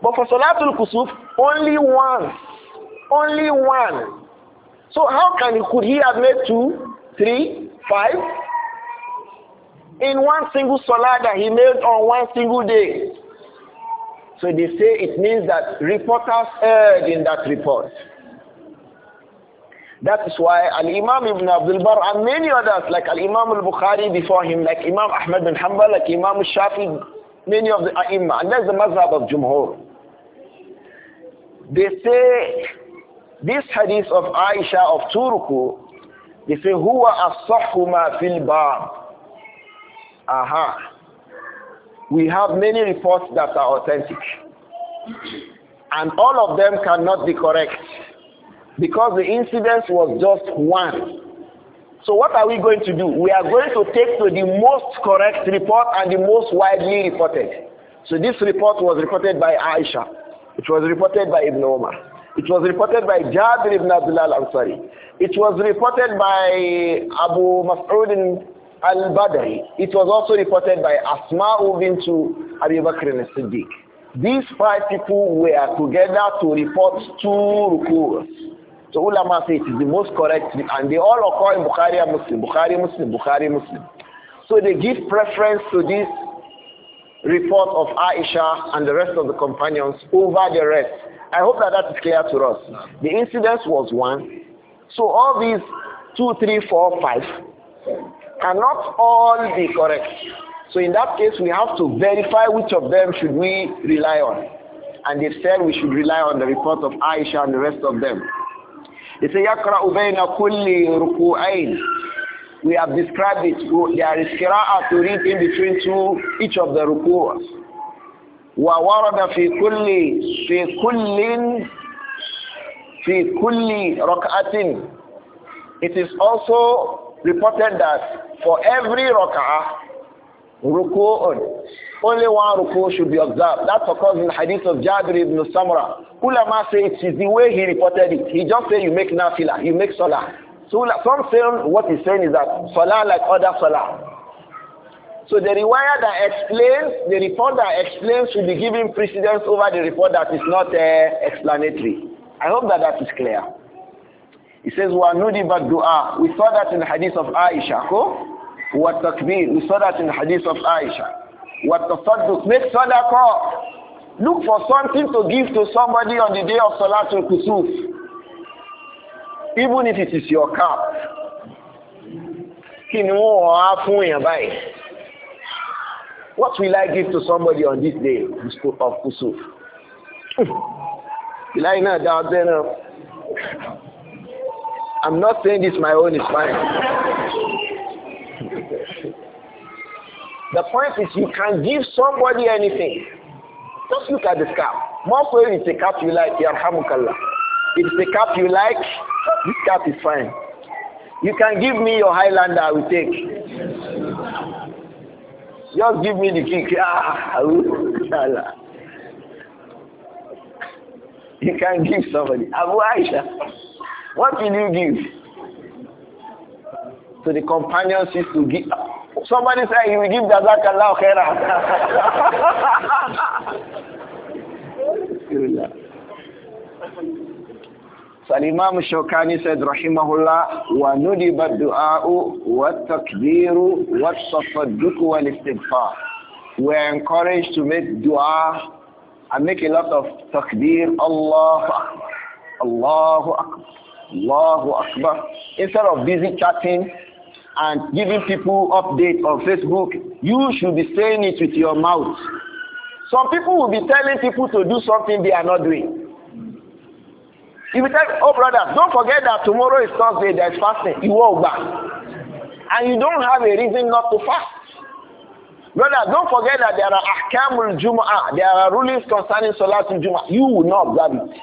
A: But for Salatul Kusuf, only one. Only one. So how can he, could he have made two, three, five? In one single Salah that he made on one single day. So they say it means that reporters heard in that report. That is why Al-Imam Ibn Abdul Bar and many others like Al-Imam Al-Bukhari before him, like Imam Ahmad bin Hanbal, like Imam Shafi, many of the ai am and that's the mazhab of Jumhur. They say this hadith of Aisha of Turku. they say, Huwa as-sahhu ma fil bab. Aha. We have many reports that are authentic. And all of them cannot be correct. Because the incident was just one. So what are we going to do? We are going to take to the most correct report and the most widely reported. So this report was reported by Aisha. It was reported by Ibn Omar. It was reported by Jabir ibn Abdullah al-Ansari. It was reported by Abu Mas'ud al-Badri. It was also reported by Asma'u bint Abi Bakr al-Siddiq. These five people were together to report two ruku'as. So ulama say it is the most correct, and they all occur in Bukhari and Muslim, Bukhari Muslim, Bukhari Muslim. So they give preference to this report of Aisha and the rest of the companions over the rest. I hope that that is clear to us. The incident was one. So all these two, three, four, five cannot all be correct. So in that case, we have to verify which of them should we rely on. And they said we should rely on the report of Aisha and the rest of them. They say, yakra ubayna kulli رُكُوعَيْن We have described it. There is qira'ah to read in between two, each of the Wa warada fi kulli fi kullin fi kulli رَكْعَةٍ It is also reported that for every rak'ah, ruku'un, only one ruku should be observed. That occurs in the hadith of Jabir ibn Samra. Ulama say it is the way he reported it. He just said you make nafila, you make salah. So some say what he's saying is that salah like other salah. So the rewire that explains, the report that explains should be given precedence over the report that is not uh, explanatory. I hope that that is clear. He says, وَنُدِبَ dua. We saw that in the hadith of Aisha. Ko? We saw that in the hadith of Aisha. What the sadduq, make sadaqah. Look for something to give to somebody on the day of Salatul Kusuf. Even if it is your cap. What will I give to somebody on this day of Kusuf? I then? Uh? I'm not saying this my own is fine. The point is you can give somebody anything. Just look at the cap. Most of it's a cap you like, Yarhamukallah. If it's a cap you like, this cap is fine. You can give me your Highlander, I will take. Just give me the kick. Ah, you can give somebody. Abu Aisha, what will you give? So the companions used to give. Somebody said he will give Jazakallah khairan. so Imam Shawkani said, Rahimahullah, wa wa وَنُدِبَ الدُّعَاءُ wa وَالتَّصَدُّقُ وَالْإِسْتِغْفَارُ We're encouraged to make dua and make a lot of takbir, Allahu Akbar, Allahu Akbar, Allahu Akbar. Instead of busy chatting, and giving people update on Facebook, you should be saying it with your mouth. Some people will be telling people to do something they are not doing. If you tell, oh brother, don't forget that tomorrow is Thursday, there's fasting. You walk back. And you don't have a reason not to fast. Brother, don't forget that there are ahkamul jum'ah. There are rulings concerning Salatul Jum'ah. You will not grab it.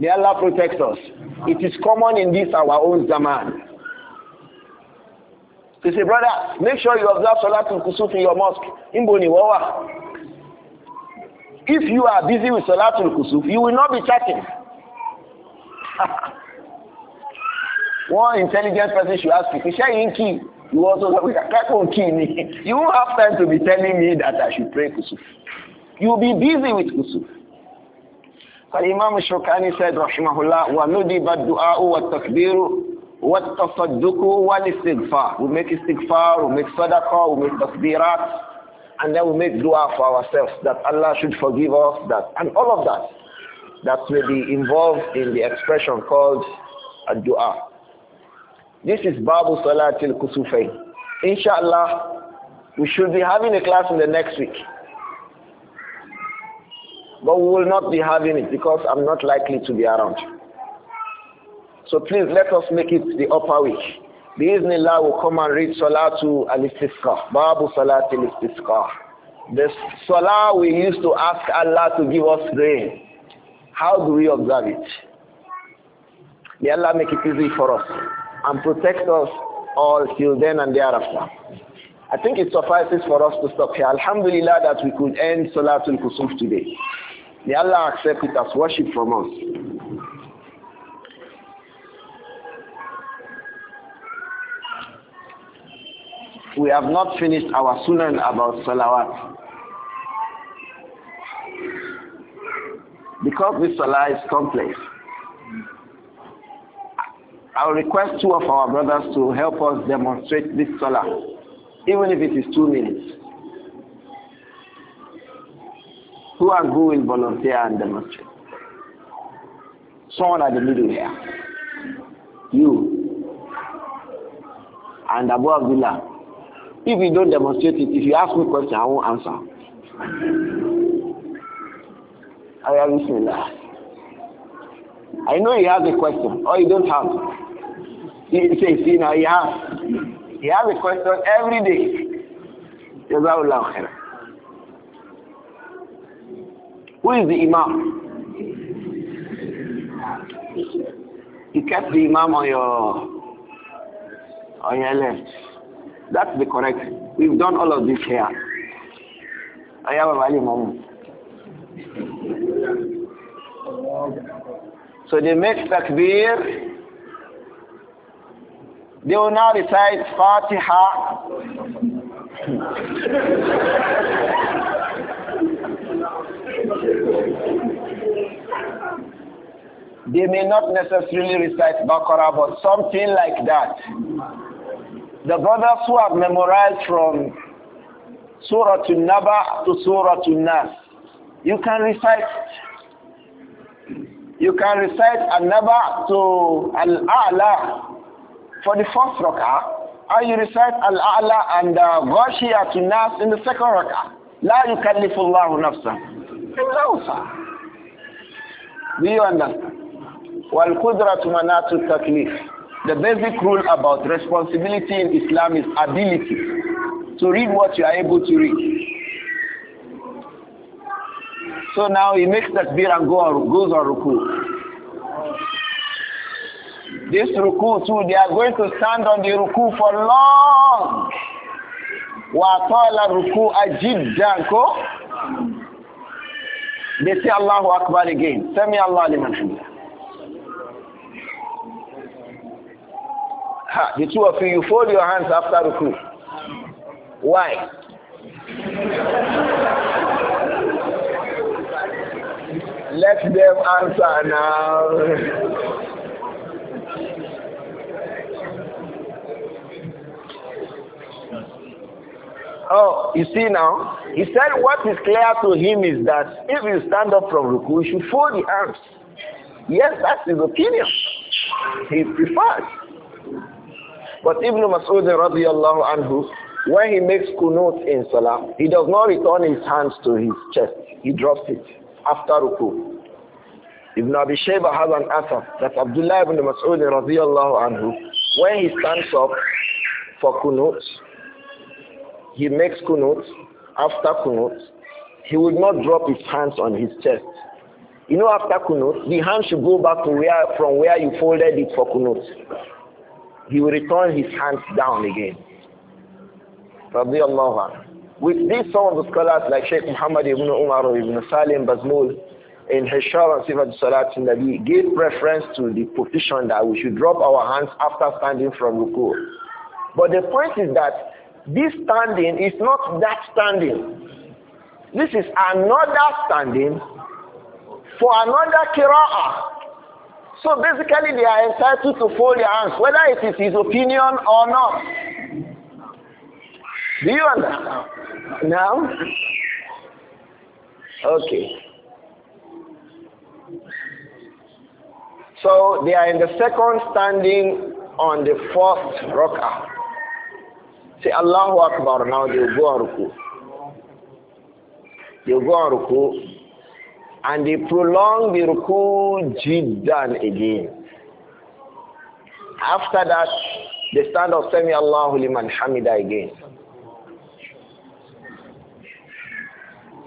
A: May Allah protect us. It is common in this our own zaman. They say, brother, make sure you observe Salatul Kusuf in your mosque. Imboni wawa. If you are busy with Salatul Kusuf, you will not be chatting. One intelligent person should ask you, Isha Inki, you also key me. You won't have time to be telling me that I should pray Kusuf. You'll be busy with Kusuf. فالإمام الشوكاني said رحمه الله وندب الدعاء والتكبير والتصدق والاستغفار we make istighfar we make sadaqah we make takbirat and then we make dua for ourselves that Allah should forgive us that and all of that that will be involved in the expression called a dua this is Babu Salatil Kusufain inshallah we should be having a class in the next week but we will not be having it because I'm not likely to be around. So please let us make it the upper week. The Bismillah will come and read Salatu al-Istisqa. Babu Salat al-Istisqa. The Salah we used to ask Allah to give us rain. How do we observe it? May Allah make it easy for us and protect us all till then and thereafter. I think it suffices for us to stop here. Alhamdulillah that we could end Salatul Kusuf today. May Allah accept it as worship from us. We have not finished our sunan about salawat. Because this salah is complex, I'll request two of our brothers to help us demonstrate this salah, even if it is two minutes. Who are going volunteer and demonstrate? Someone at the middle here. You. And Abu Abdullah. If you don't demonstrate it, if you ask me a question, I won't answer. I am that. I know you have a question, or you don't have. You say, see now, you have. You have a question every day. Jazakallah Who is the Imam? You kept the Imam on your on your left. That's the correct. We've done all of this here. I have a value moment. So they make takbir. They will now recite
B: Fatiha.
A: They may not necessarily recite Baqarah, but something like that. The brothers who have memorized from Surah to Naba to Surah to Nas, you can recite you can recite An-Naba to Al-A'la for the first rak'ah, and you recite Al-A'la and uh, Ghashiyah to Nas in the second rak'ah. لا يكلف الله نفسا do you understand? Wal qudratu manatu taklif. The basic rule about responsibility in Islam is ability to read what you are able to read. So now he makes that beer and goes on ruku. This ruku too, they are going to stand on the ruku for long. ruku ajib janko. They say Allahu Akbar again. Sami Allah liman Ha, the two of you, you fold your hands after the ruku. Why? Let them answer now. Oh, you see now? He said what is clear to him is that if you stand up from Ruku, you should fold the arms. Yes, that's his opinion. He prefers. But Ibn Mas'ud radiallahu anhu, when he makes kunut in salah, he does not return his hands to his chest. He drops it after ruku. Ibn Abi Shayba has an answer that Abdullah ibn Mas'ud radiallahu anhu, when he stands up for kunut, he makes kunut, after kunut, he would not drop his hands on his chest. You know, after kunut, the hand should go back to where from where you folded it for kunut. He will return his hands down again. With this, some of the scholars like Sheikh Muhammad ibn Umar ibn Salim Bazmul in and Shara Sifat Salat Nabi gave preference to the position that we should drop our hands after standing from ruku. But the point is that this standing is not that standing. This is another standing for another kira'ah. So basically they are entitled to fold their hands, whether it is his opinion or not. Do you understand? Now? Okay. So they are in the second standing on the first rocker. Say Allahu Akbar now, will go on ruku. You go on ruku and they prolong the ruku jiddan again. After that, they stand up Sami Allahu liman hamida again.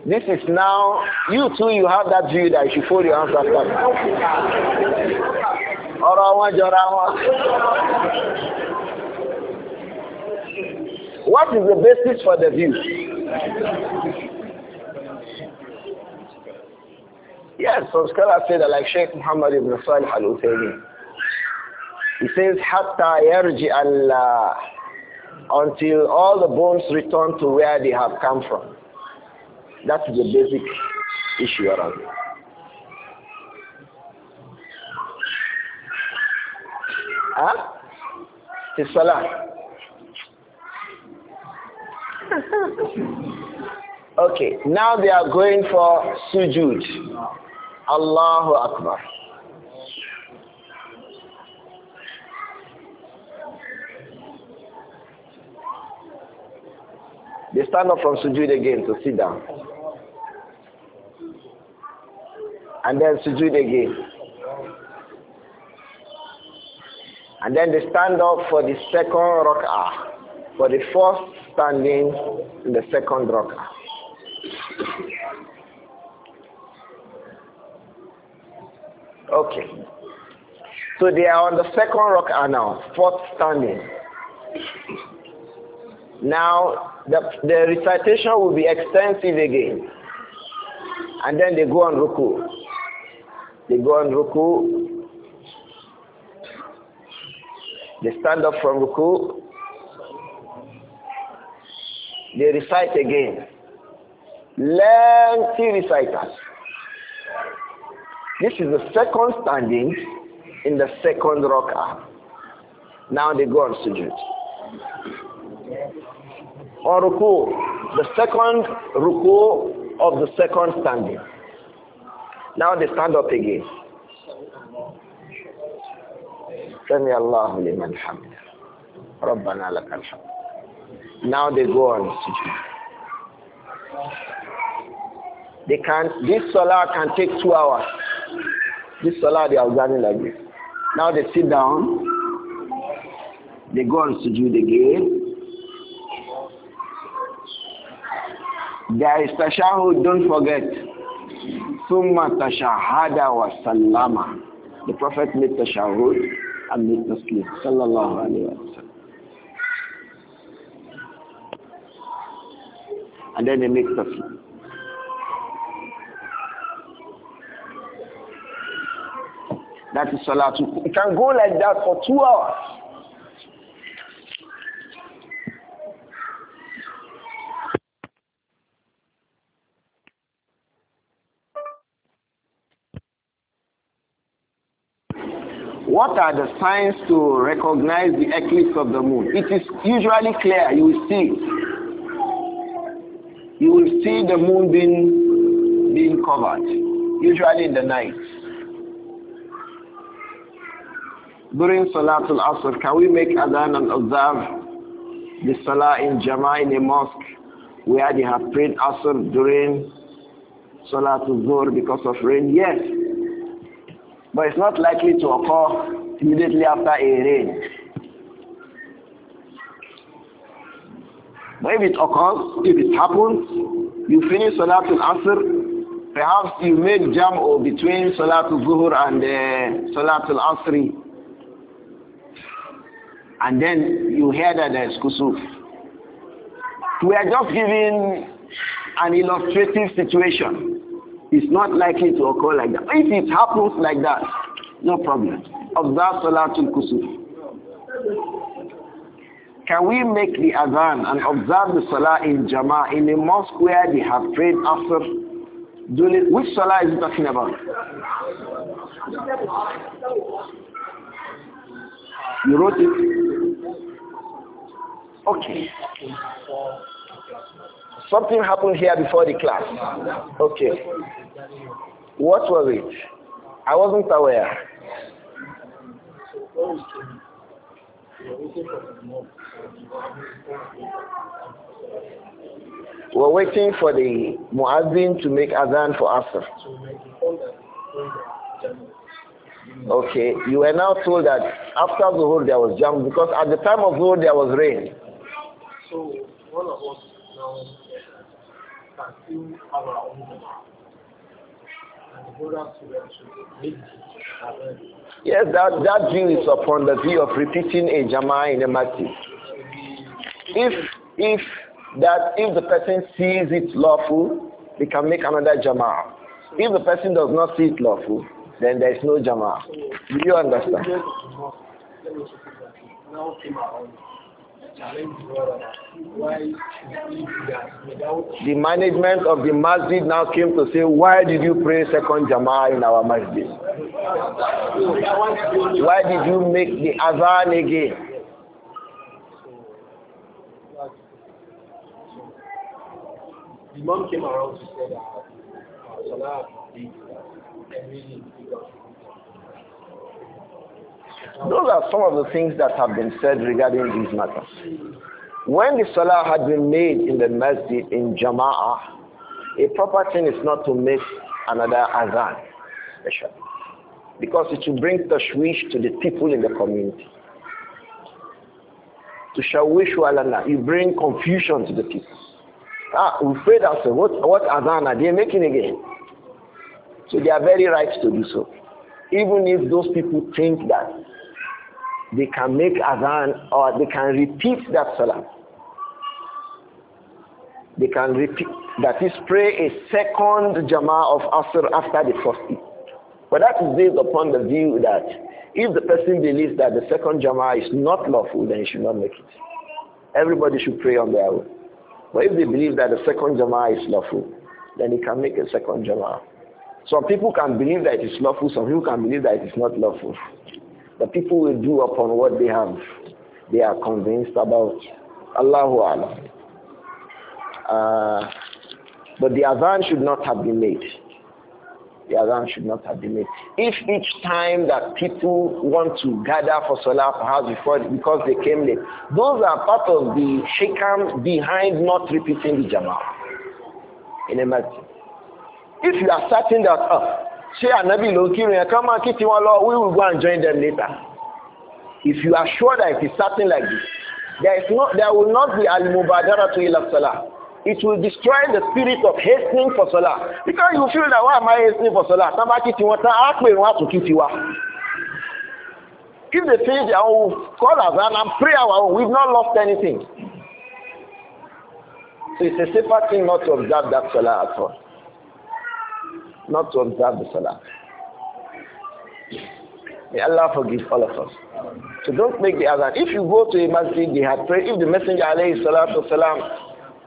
A: This is now, you too, you have that view that you should fold your hands after that. What is the basis for the view? Yes, some scholars say that like Sheikh Muhammad ibn Salih al He says, Hatta yarji Allah, until all the bones return to where they have come from. That's the basic issue around it. Huh? His salah. Okay, now they are going for sujud. Allahu Akbar. They stand up from sujud again to sit down. And then sujud again. And then they stand up for the second rak'ah, for the first standing in the second rak'ah. Okay. So they are on the second rak'ah now, fourth standing. Now, the, the recitation will be extensive again. And then they go on ruku. They go on ruku. They stand up from ruku. They recite again. Lengthy recitals. This is the second standing in the second rocker. Now they go on sujood. Or ruku, the second ruku of the second standing. Now they stand up again. سمع الله لمن حمده ربنا لك الحمد now they go on They can this salah can take two hours. This salah they are running like this. Now they sit down. They go on the again. There is tashahud, don't forget. Summa tashahada wa sallama. The Prophet made tashahud and made taslim. Sallallahu alayhi wa sallam. and then they mix the food. That is Salatul. It can go like that for two hours. What are the signs to recognize the eclipse of the moon? It is usually clear, you will see you will see the moon being, being covered, usually in the night. During Salatul Asr, can we make Adhan and Azhar the Salah in Jama'ah in a mosque where they have prayed Asr during Salatul Zuhr because of rain? Yes. But it's not likely to occur immediately after a rain. But if it occurs, if it happens, you finish Salatul Asr, perhaps you make jam or between Salatul Zuhur and uh, Salatul Asri. And then you hear that there's kusuf. We are just giving an illustrative situation. It's not likely to occur like that. If it happens like that, no problem. Of that Salatul Kusuf. Can we make the adhan and observe the salah in Jama in the mosque where they have prayed after? which salah is it talking about? You wrote
B: it? Okay. Something happened here before the class. Okay.
A: What was it? I wasn't aware. We're waiting for the Muazzin to make Adhan for Asr. Okay, you were now told that after Zuhur there was jam because at the time of Zuhur there was rain.
B: So one of us now can still have our own
A: Yes, that, that view is upon the view of repeating a jama in a mati. If if that if the person sees it lawful, they can make another jama. If the person does not see it lawful, then there is no jama. Do you understand?
B: The management of the masjid now came to
A: say, why did you pray second jama'ah in our masjid? Why did you make the azan again?
B: The mom came around to say that ah, Salah is every
A: those are some of the things that have been said regarding these matters. When the salah had been made in the masjid in Jama'ah, a proper thing is not to make another azan, because it will bring tashwish to the people in the community. To shawish walana, you bring confusion to the people. Ah, we prayed ourselves, what, what azan are they making again? So they are very right to do so even if those people think that they can make adhan or they can repeat that salah. They can repeat, that is pray a second jama'ah of Asr after the first one. But that is based upon the view that if the person believes that the second jama'ah is not lawful, then he should not make it. Everybody should pray on their own. But if they believe that the second jama'ah is lawful, then he can make a second jama'ah. Some people can believe that it is lawful, some people can believe that it is not lawful. The people will do upon what they have, they are convinced about. Allahu Alam. Uh, but the Azan should not have been made. The Azan should not have been made. If each time that people want to gather for salah perhaps before because they came late, those are part of the hikam behind not repeating the jama'ah in a masjid. If you are certain that, oh, ṣé ànábì ló ń kírun yẹn kán lọ we will go and join them later if you are sure that it is starting like this there is no there will not be al-mubadara to ila salah it will destroy the spirit of hastening for salah because you feel that why am I hastening for salah tán bá kí tiwọn tán á pè wọn if they finish their own call azan and pray our own we have not lost anything so it's a safer thing not to observe that salah at all not to observe the salah. May Allah forgive all of us. So don't make the other. If you go to a masjid, they have prayed. If the Messenger alayhi salatu salam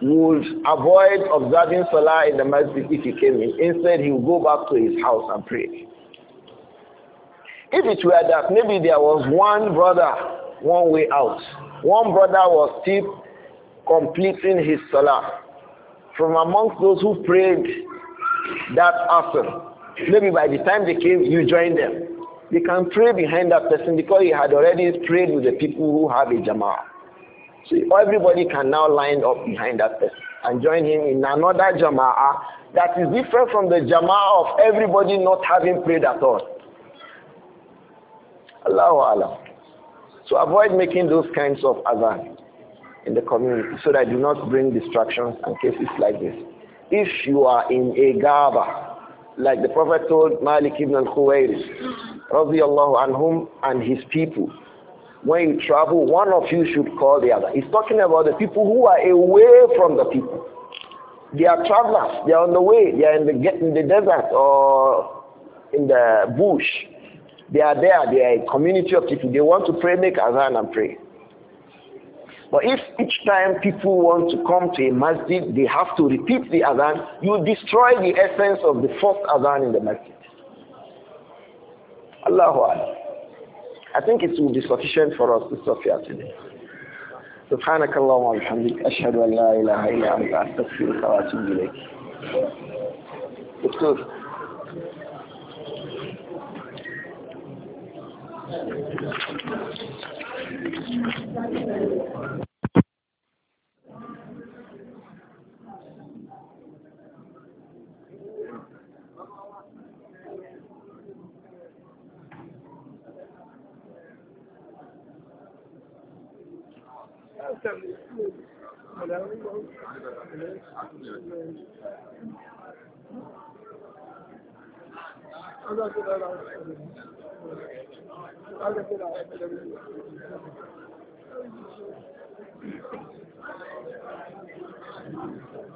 A: would avoid observing salah in the masjid if he came in, instead he would go back to his house and pray. If it were that maybe there was one brother one way out, one brother was still completing his salah. From amongst those who prayed that after Maybe by the time they came, you joined them. They can pray behind that person because he had already prayed with the people who have a Jama'ah. So everybody can now line up behind that person and join him in another Jama'ah that is different from the Jama'ah of everybody not having prayed at all. Allahu Allah. So avoid making those kinds of adhan in the community so that do not bring distractions and cases like this if you are in a gaba, like the Prophet told Malik ibn al-Khuwairis, radiallahu anhum, and his people, when you travel, one of you should call the other. He's talking about the people who are away from the people. They are travelers. They are on the way. They are in the, in the desert or in the bush. They are there. They are a community of people. They want to pray, make azan and pray. But if each time people want to come to a masjid, they have to repeat the adhan, you destroy the essence of the fourth adhan in the masjid. Allahu Akbar. I think it will be sufficient for us to stop here today. سبحانك اللهم وبحمدك أشهد أن لا إله إلا أنت أستغفرك وأتوب إليك. دكتور
B: Allah kadar razı olsun. Thank you.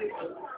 B: exactly what